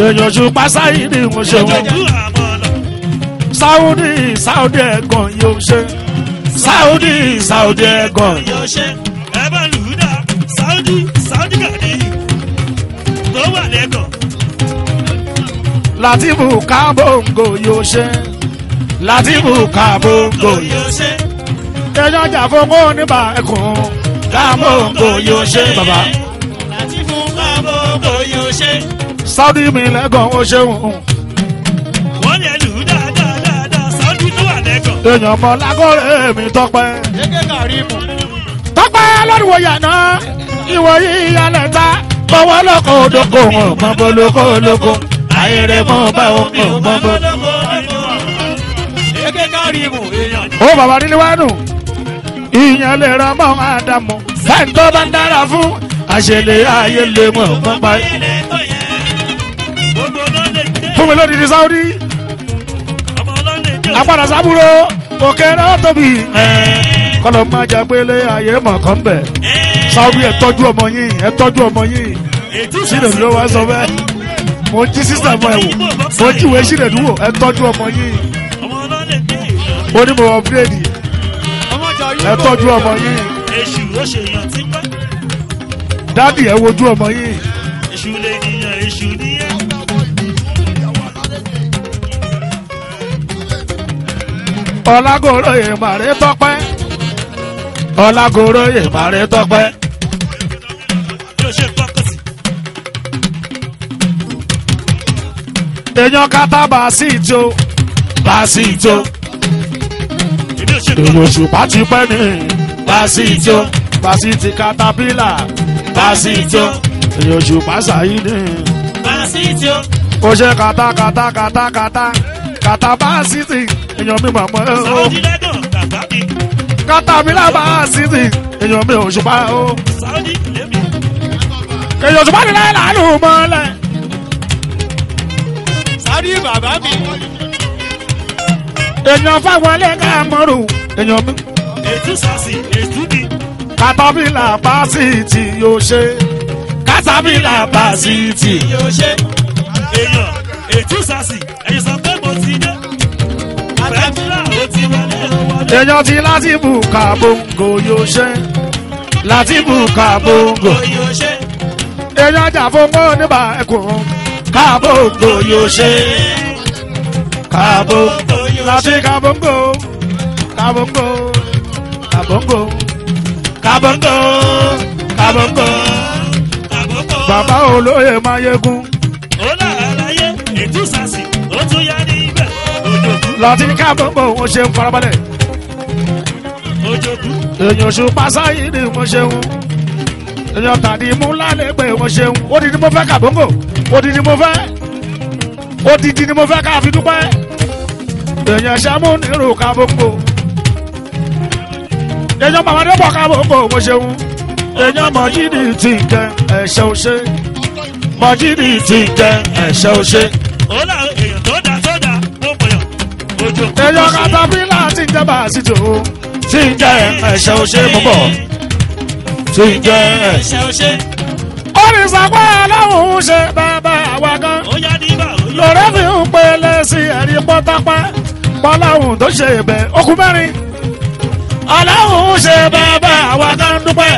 èèyàn ṣùgbọ́n sáyé ni mo ṣe wọn Saudi Saudi ẹ̀gàn yóò ṣe Saudi Saudi ẹ̀gàn yóò ṣe ẹ bá lù ú dá Saudi Saudi gàdé tó wà lẹ́gàn. Latifu Kabongo yóò ṣe Latifu Kabongo yóò ṣe èèyàn jà fún mọ́ nípa ẹ̀kún Kabongo yóò ṣe bàbá bóyá o ṣe. Saudi mi lẹ́gàn ó ṣeun. wọ́n lè lù dáadáa dáadáa Saudi tó wà lẹ́gàn. èèyàn mọ lágọ́rẹ́ mi tọpẹ́. gẹ́gẹ́ kàrí mu. tọpẹ́ lọ́dúnwó yàná ìwòyí ìyálẹ̀ ta bọ́wọ́ lọ́kọ̀ òdòkó wọn mọ bolókó lóko ayé rẹ̀ mọ́ bá wọn mọ́ bolókó ó bàbá nílé wánu ìyẹn lè ra mọ́ àdàmú sẹ́ńtọ́ bá ń dára fún àṣẹlẹ̀ ayé lè mọ̀ mọ́gbà. fún mi lódìdí Saudi agbada sábúrò òkèrè tóbi kọlọ má jà pélé ayé mọ̀ kàn bẹ̀ Saudi ẹ tọ́jú ọmọ yín ẹ tọ́jú ọmọ yín sílẹ̀ ló wá sọ bẹ́ẹ̀ mo jí sísè mọ ẹ wò mo jíwèé sílẹ̀ dúró ẹ tọ́jú ọmọ yín mo ní mo upgrade ẹ tọ́jú ọmọ yín dádì ẹ wojú ọmọ yìí. èṣù lè nìyàn èṣù nìyẹn. ọlágòrò ìmàrè tọpẹ́ ọlágòrò ìmàrè tọpẹ́. èèyàn kata bàásì ìjó bàásì ìjó èèyàn òṣùpá ti pẹ́ ní bàásì ìjó bàásì ti katapila pásítọ̀ èyàn òṣùpá ṣàyídé. pásítọ̀. ó ṣe kata kata kata kata kata pásítì èyàn mi màmá ẹ o. sàwọ́dì lẹ́gàn kàtà mi. kata mi lábà pásítì èyàn mi òṣùpá o. sàwọ́dì lẹ́mi. èyàn òṣùpá mi láyé làánú mọ́lẹ̀. sàwọ́dì bàbá mi. èyàn fáwọn ẹlẹ́gàn mọ́rù èyàn mi. ètú sàṣì ètú mi katabila pásítì yo ṣe. katabila pásítì yo ṣe. èèyàn ètúsàsì ẹ̀yìn sọ pé mo ti dé. katabila ó ti wọlé wọlé. èèyàn ti láti bù ká bóńgò yóò ṣe. láti bù ká bóńgò yóò ṣe. èèyàn jà fún mọ́ níbà ẹ̀kọ́. ká bóńgò yóò ṣe. ká bóńgò láti ká bóńgò ká bóńgò ká bóńgò kabongo kabongo kabongo. bàbá olóyè mayegun. ó là àlàyé ìtúsàsì ó tún yá ní ibẹ̀ òjòkú. láti kabongo wọn ṣe ń farabalẹ̀. òjòkú. èèyàn ṣùpá sáyé ni wọ́n ṣe ń. èèyàn tàdí mú lálẹ́ pé wọ́n ṣe ń. odidi mo fẹ́ kabongo odidi mo fẹ́ odidi ni mo fẹ́ káfi dúpẹ́. èèyàn ṣàmúnirò kabongo èèyàn màmá ní bọ̀ká gbogbo mo ṣeun èèyàn mọ̀jídì ti jẹ ẹ̀ṣẹ̀ òṣè mọ̀jídì ti jẹ ẹ̀ṣẹ̀ òṣè. ó là èèyàn tó dá tó dá ó pèyàn ojú. èèyàn katapila ti jẹ bàásìtò ti jẹ ẹ̀ṣẹ̀ òṣè mo bọ̀ ti jẹ ẹ̀ṣẹ̀ òṣè. ó ní sàpá aláwọ̀ ń ṣe bàbá àwa gan lọ́rẹ́ fi ń pè lẹ́sìn ẹ̀rí pọ́tápá pọ́láhùn tó ṣe ìbẹ̀ okùn mẹ́rin ọlọ́run ṣe bàbá àwa ká ń dúpẹ́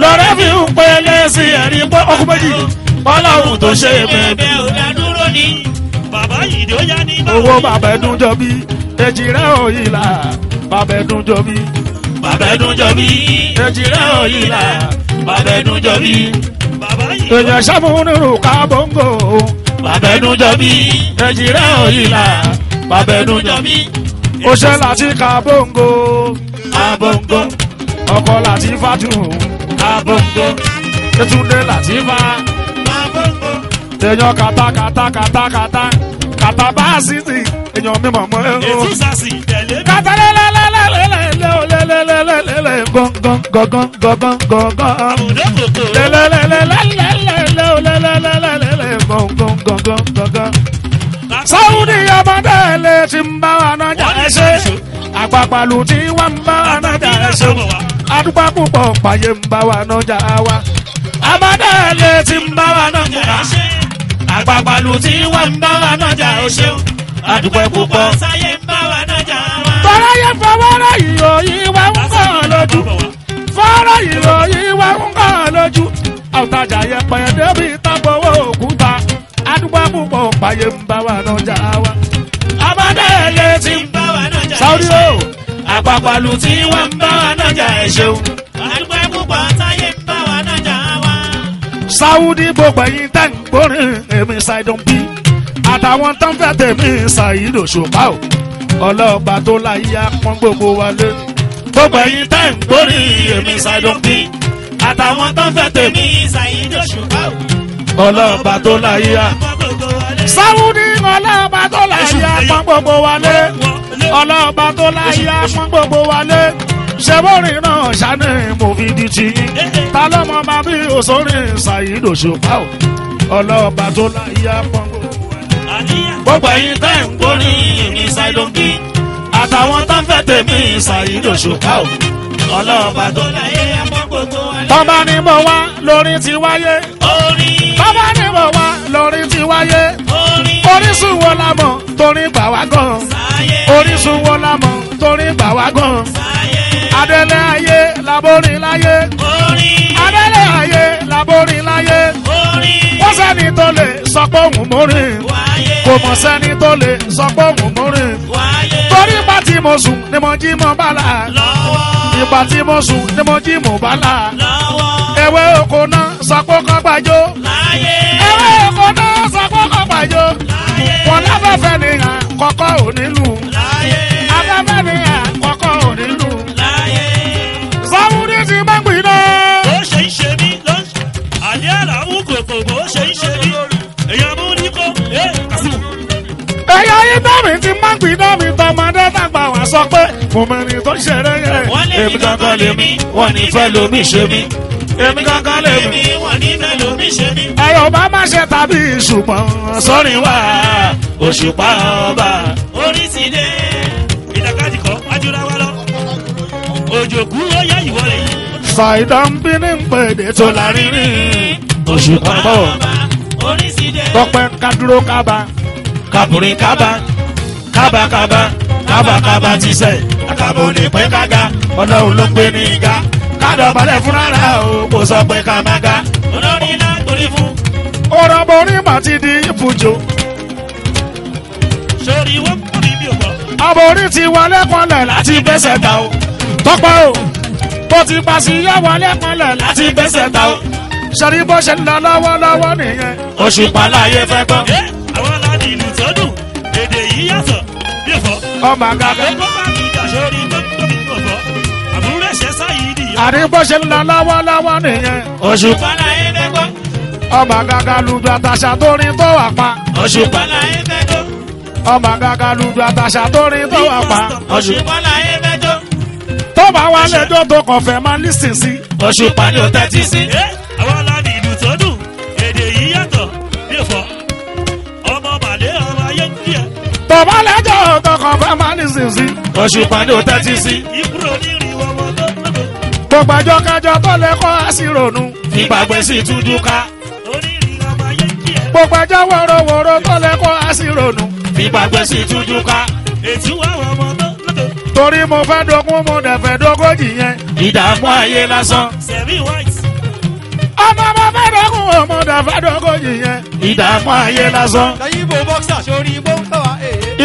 lọ́rẹ́ fi ń pè lẹ́sìn ẹ̀rí pé ọkùn méjì ọlọ́run tó ṣe bẹ̀bẹ̀ òdàdúró ni bàbá yìí ó yá ní báwo. owó bàbá ẹdún jọ bí èjì rẹ òyìn là bàbá ẹdún jọ bí. bàbá ẹdún jọ bí èjì rẹ òyìn là bàbá ẹdún jọ bí. èèyàn sàmúnirù ká bóńgò. bàbá ẹdún jọ bí èjì rẹ òyìn là bàbá ẹdún jọ bí. ó ṣe láti ká bóńgò abongo ọkọ Latifatu abongo Yétúndé Latifa abongo èèyàn kata kata kata kata kata baasiti èèyàn mímọ mọ ẹ o ètúsàsì tẹlẹ kata lẹlẹlẹlẹlẹlẹlẹlẹlẹlẹ gọgọ gọgọ gọgọ gọgọ lẹlẹlẹlẹlẹlẹlẹlẹlẹlẹlẹ gọgọ gọgọ gọgọ sáwùdí ọmọdé lè ti ń bá wa nájà ẹsẹ àpapàlù tí wọ́n ń bá wa nájà ẹsẹ adúgbò púpọ̀ pàyè ń bá wa nájà wa ọmọdé lè ti ń bá wa nájà ẹsẹ àpapàlù tí wọ́n ń bá wa nájà ẹsẹ adúgbò púpọ̀ sáyé ń bá wa nájà wa. tọ́lá yẹ fọwọ́rọ́ ìròyìn wa ń kàn lójú fọ́rọ́ ìròyìn wa ń kàn lójú àwùtajà yẹ pẹ̀lú débi tábọ̀wọ́ òkú adúgbò púpọ̀ pàyè ń bá wa nájà wa. ọmọdé ẹyẹ ti ń bá wa nájà ẹṣẹ. sọ́ọ́rí o àpapàlù tí wọ́n ń bá wa nájà ẹṣẹ o. adúgbò púpọ̀ táyé ń bá wa nájà wa. sáwùdí gbogbo ẹ̀yin tẹ̀ ń gbórin èmi ṣàìdùn bí àtàwọn tó fẹ́ tèmi ṣàyídò ṣùpá o ọlọ́ọ̀gbà tó láyé apọ́n gbogbo wa lé gbogbo ẹ̀yin tẹ́ ń gbórí èmi ṣàìdùn bí àtàwọn tó fẹ́ tèmi ṣàyídò ṣùpá o ọlọ́ba tó láyé à. sáwùdí ọlọ́ba tó láyé àpọ́n gbogbo wálé ọlọ́ba tó láyé àpọ́n gbogbo wálé ṣẹ́bọ̀rìn náà ṣáni mo fi di ti ta lọ́mọ bá bí òṣòrin ṣàyíd òṣùpá o ọlọ́ba tó láyé àpọ́n gbogbo wálé. gbogbo ẹ̀yin tẹ́ ń gbórí èmi ṣàìdókì àtàwọn tó ń fẹ́ tèmi ṣàyíd òṣùpá o ọlọ́ba tó láyé àpọ́n gbogbo wálé. tọ́ba ni mo wá ti wáyé. Oh, bá níbọ̀ wá lórí ti wáyé orísun wo la mọ̀ torí gbà wá gan orísun wo la mọ̀ torí gbà wá gan adẹ́lẹ̀ ayé laborin láyé adẹ́lẹ̀ ayé laborin láyé wọ́n sẹ́ni tó lè sọ pé òun mórin kò mọ̀ sẹ́ni tó lè sọ pé òun mórin torí bá tí mo sùn ni mo jí mo bá la ìgbà tí mo sùn ni mo jí mo bá la ẹwẹ́ òkò náà sọ̀kò kan gbàjọ. ẹwẹ́ òkò náà sọ̀kò kan gbàjọ. wọn lábẹ́fẹ́ nìyàn kọ́kọ́ ò nílù. abẹ́fẹ́ nìyàn kọ́kọ́ ò nílù. sáwùdí ti máa ń gbìn náà. ó ṣe ń ṣe mí lọ àní àlàó kòkò bó ṣe ń ṣe mí èyí àmú ní kó ẹ kásìmù. ẹ̀yà ayédámi ti máa ń gbìn náà mi tọmọdé tàgbà wá sọ pé mo mẹ́rin tó ṣẹlẹ̀ yẹn. wọ́n lé mi lọ́kọ́ lé mi èmi kankan lè mi. èmi wọ̀n ní mélòó mi ṣe mí. ẹ̀rọ bá má ṣe tàbí ṣùgbọ́n sọ́rin wá òṣùpá ọba. oríṣiríṣi ìdàkàjì kọ́ wájúra wa lọ. òjòkú ó yá ìwọ rẹ̀ yìí. fàìdánbí ní pèdè tó la rírì òṣùpá ọba. oríṣiríṣi. tọpẹ kaduro kaba. kaburi kaba kábàkábà kábàkábà ti sẹ àkàbò ní pẹ kága Ọlọ́run ló ń gbé ní ga kádọ̀bálẹ̀ fúnra rà o kò sọ pé ká má ga olórin náà torí fún. ọ̀rọ̀ borí mà ti di ibùjọ. sori wọ́n kún ní bí o ti wọlé kanlẹ̀ láti bẹ́sẹ̀ ta o tọ́pẹ́ o bó ti pàṣẹ yá wọlé kanlẹ̀ láti bẹ́sẹ̀ ta o. sori bó ṣe ń lọ lọ́wọ́lọ́wọ́ nìyẹn. oṣù pàlàyé fẹ́ gbọ́. àwọn aládìí ìlú tó dùn èdè yìí yàtọ̀ bí o fọ. ọmọ àgàgà. ẹgbẹ́ bá mi dà sórí àdìgbòsè ńlá láwáláwá nìyẹn. òṣùpá la yín fẹ́ gbọ́. ọmọ gàgà lùdú àtàṣà tó rin tó wà pa. òṣùpá la yín fẹ́ gbọ́. ọmọ gàgà lùdú àtàṣà tó rin tó wà pa. òṣùpá la yín fẹ́ jó. tó bá wà lẹ́jọ́ tó kàn fẹ́ máa lì sìn sí. òṣùpá ni ò tẹ́tí sí. àwọn aláàbì ìlú tó dùn èdè yìí yàtọ̀ bí èfọ́ ọmọ màlẹ́ ọmọ ayé ń díẹ̀. tó bá lẹ́jọ́ tó kàn fẹ́ máa lì sìn sí. òṣùpá ni ò tẹ́tí sí. ìkúrò ní tọgbàjọ kájọ tọlẹkọ àṣìrònú ìgbàgbẹ́ sí túndú ká. gbogbàjọ wọ̀rọ̀wọ̀rọ̀ tọlẹkọ àṣìrònú ìgbàgbẹ́ sí túndú ká. ètí wà wọ́n mọ́ tó lóde. torí mo fẹ́ dogun mo dẹ̀ fẹ́ dógójì yẹn. ìdààmú ayé lásán. sẹ̀mí white. ọmọ mo fẹ́ dogun o mo dẹ̀ fẹ́ dógójì yẹn. ìdààmú ayé lásán. lẹ́yìn bò bọ́ksà sórí igbó ń tọ́wà.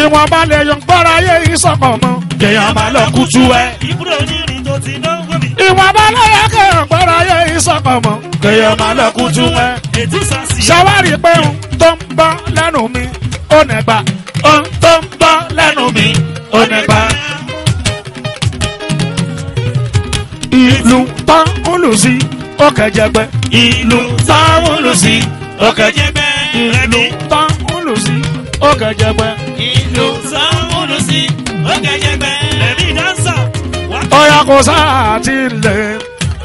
ìwọ̀nba lè yan gbọ́ra ayé ìsọ̀kan mọ́. jẹ̀yàn máa lọ kútu ẹ. ìbúrò onírin tó ti dán ìwọ̀n bá lọ́yà kẹ́hàn gbọ́dọ̀ ayé ìsọ̀kan mọ́ kẹ́yọ̀ máa lọ kú tú mẹ́. ṣàwárí pé ohun tó ń bọ́ lẹ́nu mi ò nẹ̀gbà ohun tó ń bọ́ lẹ́nu mi ò nẹ̀gbà. ìlú táwọn lù sí ó kẹjẹgbẹ. ìlú táwọn lù sí ó kẹjẹgbẹ. ìlú táwọn lù sí ó kẹjẹgbẹ. ìlú táwọn. kò sáà ti lè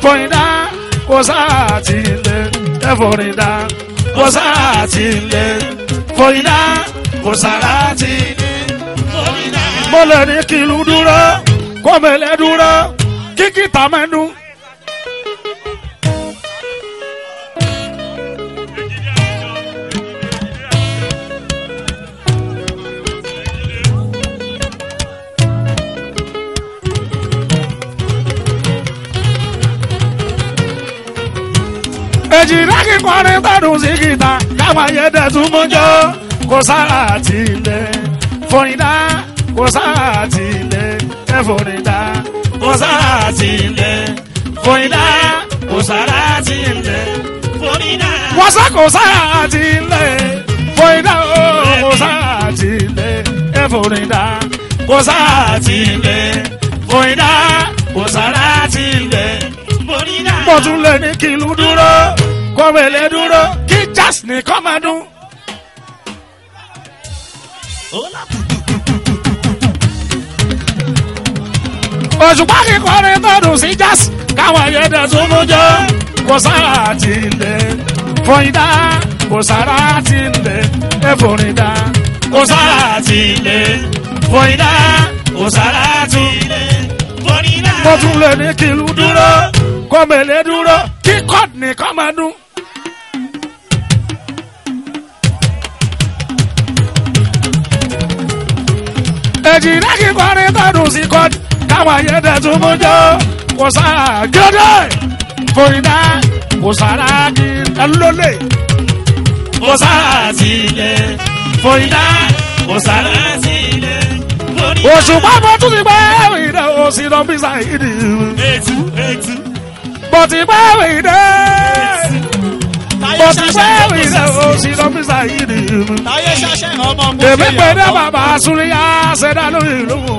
fọyìndà kò sáà ti lè ẹfọyìndà kò sáà ti lè fọyìndà kò sáà ti lè fọyìndà. Kikita lè èjì lákì kọrin gbẹdùn sí kìtà káwọn ayẹdẹ tún mọjọ kò sára tilẹ̀ fòyìndà kò sára tilẹ̀ ẹ fòyìndà kò sára tilẹ̀ fòyìndà kò sára tilẹ̀ fòyìndà. wọ́sà kò sára tilẹ̀ fòyìndà kò sára tilẹ̀ ẹ fòyìndà kò sára tilẹ̀ fòyìndà kò sára tilẹ̀ pọ̀ tún lè ní kí ìlú dúró kọ̀wélé dúró kí jazz ní kọ́ máa dún. òṣùpá kíkọrin tó dùn sí jazz káwọn yẹn tún mú jọ kò sára ti lè fọyìndà kò sára ti lè ẹfọrìndà kò sára ti lè fọyìndà kò sára ti lè fọyìndà. mo tún lè ní kí dúró kọ́mẹ̀lẹ́ dúró kí kọ́ọ̀dù nìkan máa dún. èjì náà kí kọrin tọdún sí kọ́ọ̀dù káwọn ayé dẹ̀tún mú jọ kò sáà gẹ́gẹ́ fòyìnà kò sára kí ẹlólè kò sáà sílẹ̀ fòyìnà kò sára sílẹ̀ òṣùpá mọ́tún ti gbẹ́ ìdá òsì lọ́bíṣà ìdí. ètú ètú but ìpẹ́ mi dé but ìpẹ́ mi dé o sì lọ fi ṣàyíde mi. èmi pè ní bàbá súnìyà ṣẹ̀dá lórí ìlú wo.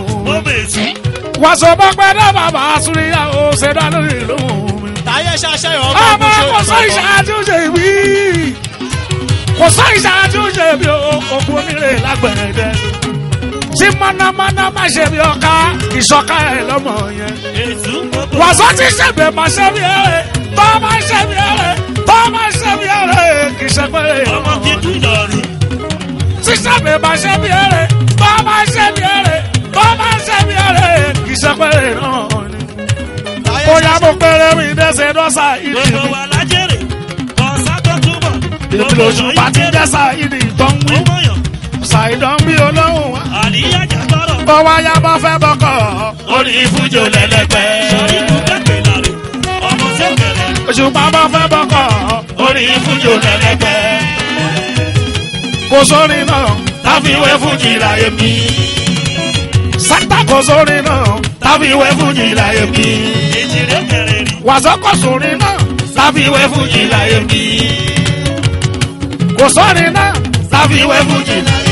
wàṣọ bá pẹ́ ní bàbá súnìyà ó ṣẹ̀dá lórí ìlú wo. ọmọ kò sọ ìṣáájú ṣe mí kò sọ ìṣáájú ṣe mí o òkú mi rè lágbẹ̀rẹ̀ dẹ́ tí mọ̀nàmọ́ná má ṣe bí ọ̀ka ìṣọ̀ka ẹ̀ lọ́mọ yẹn. wàsó ti ṣẹ̀bẹ̀ má ṣe bí ẹ̀rẹ̀ tó má ṣe bí ẹ̀rẹ̀ tó má ṣe bí ẹ̀rẹ̀ kì í ṣe pé ọmọ kì í dùn yọrí. tí ṣẹ̀bẹ̀ má ṣe bí ẹ̀rẹ̀ tó má ṣe bí ẹ̀rẹ̀ tó má ṣe bí ẹ̀rẹ̀ kì í ṣe pé náà ni. bóyá mo péré mi dẹ́sẹ̀ dọ́sà ìdí mi. èmi lòṣù bá ti tó ń ṣàìdán bí olóhùn. àníyàn jà tọrọ. bó wá yá bọ́ fẹ́ bọ́kọ̀. orí fújò lẹ́lẹ́pẹ́. sọ̀rí ló pẹ́pẹ́ lárò ọmọ sẹ́kẹ̀rẹ̀. òṣùpá bọ́ fẹ́ bọ́kọ̀. orí fújò lẹ́lẹ́pẹ́. kò sórin náà tábìwé fújì láyé mi. sátà kò sórin náà tábìwé fújì láyé mi. ìjìnlẹ̀ kẹrin rí. wàzọ́kọ̀ sórin náà tábìwé fújì láyé mi. kò sórin náà. Sabe o é fudido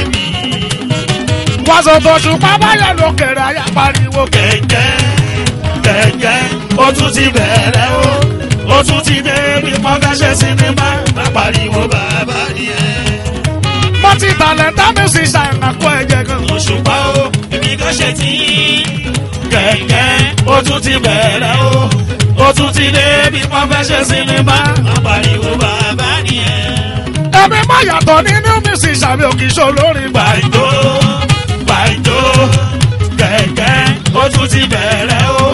wàsọ̀tò ṣùpá báyọ̀ ló kẹrẹ ayá pariwo. kẹ̀kẹ́ kẹ̀kẹ́ ó tún ti bẹ̀rẹ̀ o ó tún ti dé bí wọ́n fẹ́ ṣe sinimá má pariwo bàbá yẹn. mo ti tàlẹ́ntà mi sì ṣàyànnàkọ́ ẹ̀jẹ̀ gan. òṣùpá o ibi kan ṣe tí kẹ̀kẹ́ ó tún ti bẹ̀rẹ̀ o ó tún ti dé bí wọ́n fẹ́ ṣe sinimá má pariwo bàbá yẹn. ẹ̀mí má yàtọ̀ nínú mi sì ṣàmì òkìṣó lórí gbàgbó ìjó kẹ̀kẹ́ ó tún ti bẹ̀rẹ̀ o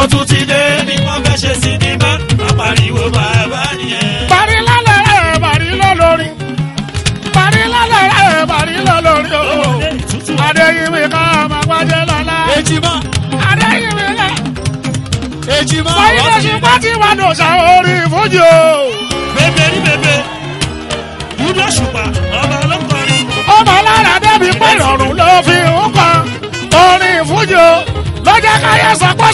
ó tún ti dé bí wọ́n fẹ́ ṣe sinimá apariwo bàbá nìyẹn. parí lálẹ́ rẹ̀ parí lọ́lọ́rin parí lálẹ́ rẹ̀ parí lọ́lọ́rin o adéyìnbí ká máa gbájẹ́ lọ́la. ejima adéyìnbí ká. ejima wà á fi. wáyé lọ́sùn pátí wà lọ́sà orí fújì o. bèbè ní bèbè yúdọ̀ ṣùpá ọba òfin ń kan orin ìfújò lọ́jọ́ káyọ̀ sọ pé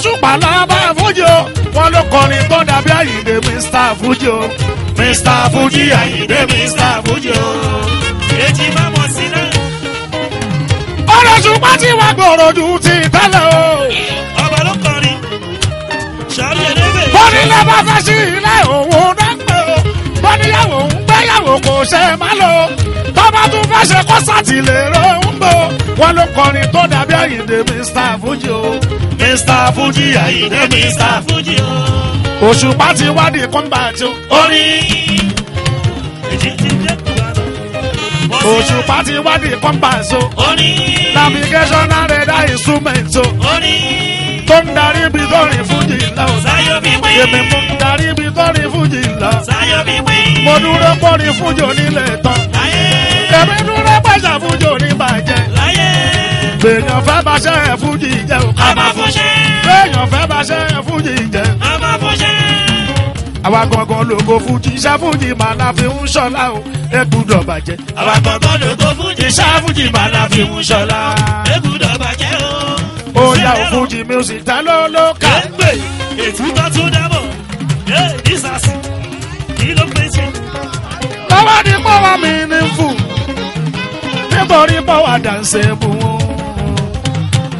bá fújò wọn ló kọrin tó dàbí àyíǹde mr fújò mr fújì àyíǹde mr fújò èjì má mọ̀ sí náà. ọ̀rọ̀ ṣùgbọ́n tí gbòòrò ju ti tẹ́lẹ̀ o. ọba ló kọrin ṣàlùyẹ̀ lébè. bọ́dí lẹ́bàá fẹ́ sí ilé òun náà wò kò ṣe má lò bàbá tún fẹ́ ṣe kọ́sàtì lè ro ń wọ́n ló kọrin tó dàbí àyìndé mr fuji o mr fuji àyìndé mr fuji o òṣùpá ti wádìí kọ́ńbà tí orin òṣùpá ti wádìí kọ́ńbà so orin navigational radar instrument so Mundari ń darí bí tọ́rin fújì ńlá o. sáyọ bí wí. èmi mú ń darí bí tọ́rin fújì ńlá. sáyọ bí wí. mo dúró pọ́rin fújò nílẹ̀ tán. láyé. èmi dúró pàṣẹ fújò ní bàjẹ́. láyé. bèèyàn fẹ́ bá ṣe é fújì jẹ́ o. a máa fún ṣe. bèèyàn fẹ́ bá ṣe é fújì jẹ́. a máa fún ṣe. àwa gangan lóko fújì iṣẹ́ fújì fi ń ṣọlá o. ẹ gbúdọ̀ bàjẹ́. àwa gangan lóko fújì iṣẹ́ fújì máa la fi ń ṣọlá. ẹ gbúdọ̀ bàjẹ́ o ó yà ó fújì music ta ló ló kà. ẹ gbè ètùtọ́ tún dábọ̀ ẹ dísàsì kí ló pè ṣe. báwa ni báwa mi ní fún nítorí báwa dànsẹ́ bù wọ́n.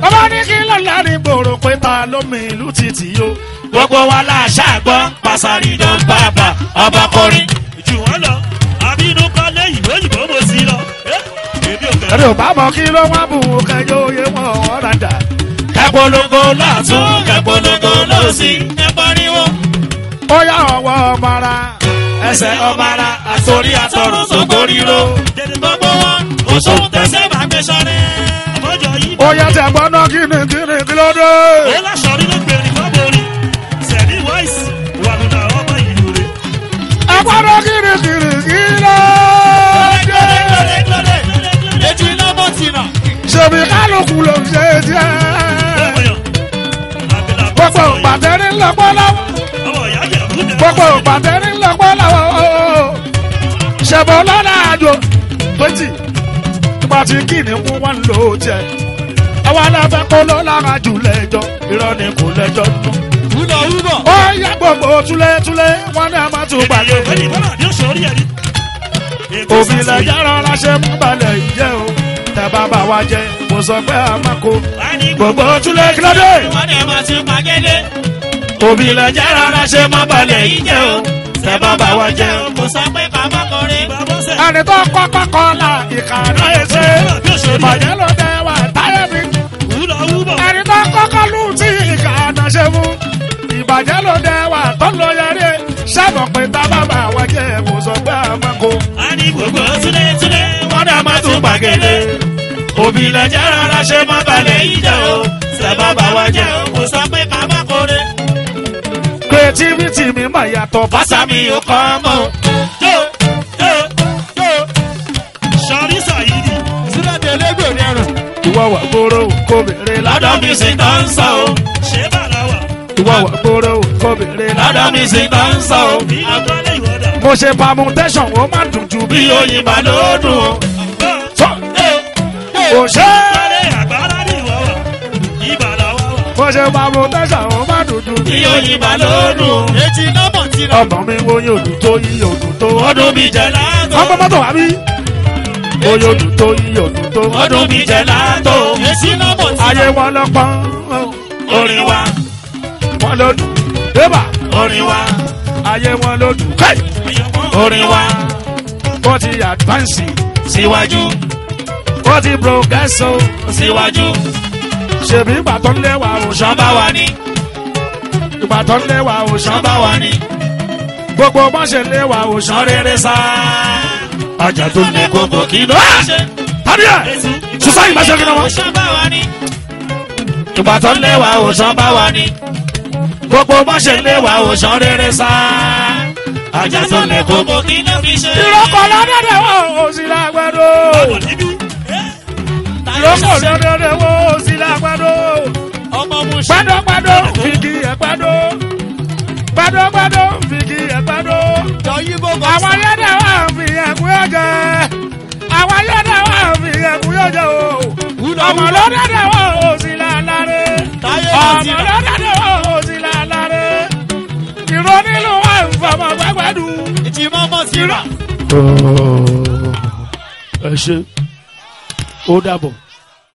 bàbá ní kí lọ́la ní gbòòrò pé ta ló mi ìlú títì yó. gbogbo wa la ṣàgbọ́ pàṣàrí dán bàbà ọba kọrin. jù wọ́n lọ àbínú kọ́lé ìwé òyìnbó mo sí lọ. ẹni ò bá mọ kí ló wá bù kẹjọ oyè wọn ọ̀ràn dà ẹ̀pọ̀lọ́gọ́ lọ́tún ẹ̀pọ̀lọ́gọ́ lọ́sì ẹ̀pọ̀riwo. ó yá ọwọ́ ọmọ ara ẹsẹ̀ ọmọ ara àtòrí àtọrùn sọgbóríró. jẹ̀dẹ̀ gbogbo wọn oṣù tẹ̀sẹ̀ máa gbé sọ́rẹ́. ó yẹ tẹ gbọ́dọ̀ kí ni kí ni kí ló dé. ó lọ sọrí ló gbèrè lọ́bọ̀rí sẹ̀mí wáìsì wà nínú àwọn ọmọ ìlú rẹ̀. ẹ gbọ́dọ̀ kí ni kí ni kí ló dé. ṣèbí kálukú ló ń ṣe jẹ́ gbogbo ògbàdẹ́rì ń lọ pọ́lá gbogbo ògbàdẹ́rì ń lọ pọ́lá ṣẹ̀bọ̀ lọ́la àjò méjì nípa ti kí ni mú wọn lò ó jẹ àwọn alábẹ́ kó ló lára jù lẹ́jọ́ irọ́ ni kò lẹ́jọ́ nù. wúlọ̀ wúlọ̀. ó yá gbogbo túlétúlé wọn ní a máa tún gbàgbé. òbí lẹ̀ yára láṣẹ mú balẹ̀ yẹ o tẹ bá wa jẹ mo sọ pé a máa kó. gbogbo túlẹ̀ kílódé. ìwọ́dẹ̀ máa ti pàgẹ́dẹ́. òbí lè jẹ́ rárá ṣe má balẹ̀ yìí jẹ́ o. ṣe bá bá wa jẹ́ o. mo sọ pé bàbá kọrin. àní tó kọ́ pákọ́ la ìkànnà ẹsẹ̀. ìbàjẹ́ ló dé wà táyé mi. àní tó kọ́kọ́ lù tí ìkànnà ṣe mú. ìbàjẹ́ ló dé wà tó lọ yẹrí. sábà pé tá bàbá wa jẹ́ mo sọ pé a máa kó. a ní gbogbo túlẹ̀ túlẹ̀ wọ́n dà má tún pàgẹ́dẹ́ òbí lè jẹ́ rárá ṣe má balẹ̀ yìí jẹ́ o sábà bá wa jẹ́ o kò sọ pé ká má kórè. creativity mi mà yàtọ̀ fásá mi ò kọ́ mọ́. sọrí sàyídì sílẹ̀dẹ̀ elégbèrè ẹ̀rùn. ìwà wà gbòòrò kòbèrè ládọ́ mi sì tán ń sọ o. ṣé bàrà wà. ìwà wà gbòòrò kòbèrè ládọ́ mi sì tán sọ o. mo ṣe permutation ó má dùn ju bí oyin bá ló o kò ṣe. Ìbàlẹ̀ àgbàlá ni ìwọ wà, ìbà làwọ̀ wà. Mo ṣe máa mo tẹ́sà wọn bá dúdú. Iyọ̀ ìbà lóòdùn. Etí lọ́mọ̀ ti rà. Ọmọ mi wo yóò dùn tó iyọ̀ dùn tó. Ọdún mi jẹ láàtọ̀. Wọ́n pẹ́ mọ́tò wá bí. Oyè òdùn tó iyọ̀ dùn tó. Ọdún mi jẹ láàtọ̀. Etí lọ́mọ̀ ti rà. Ayé wọn lọ pọ́n. Orin wa. Wọ́n ló dùn. Débà. Orin wa. Ayé wọn ló dùn. Orin wa. Wọ́n ti síwájú ó ti progresso síwájú. ṣèbí ìgbà tó ń lẹ́wà òòṣàn bá wa ní. ìgbà tó lẹ́wà òòṣàn bá wa ní. gbogbo bá ṣe lẹ́wà òòṣàn rere sá. ajá tó ní gbogbo kí ló ṣe. tàbí ẹ ṣùṣà ìgbà ṣe kí ló wọ́n. ìgbà lẹ́wà òòṣàn bá wa ní. gbogbo bá ṣe lẹ́wà òòṣàn rere sá. ajá tó ní gbogbo kí ló fi ṣe. ìrọ̀kọ̀ lọ́dọ̀ rẹ̀ wọ́n ò sì lágbẹ́rọ lóko lọ́dọọdẹ wo sílá gbadó. ọmọ mu ṣe. gbadọ́gbadọ́ fìdí ẹ̀ gbadọ́. gbadọ́gbadọ́ fìdí ẹ̀ gbadọ́. jọyìnbó bọ̀ sá. àwọn ayọ́dẹ wà fi ẹ̀kú yóò jẹ. àwọn ayọ́dẹ wà fi ẹ̀kú yóò jẹ o. ọmọ lọ́dọọdẹ wo sílá láre. ọmọ lọ́dọọdẹ wo sílá láre. ìrònú wa ń fọmọ gbẹgbẹdu. ìtìmọ́ mọ́ sí ra. ẹ ṣe ó dàbọ̀.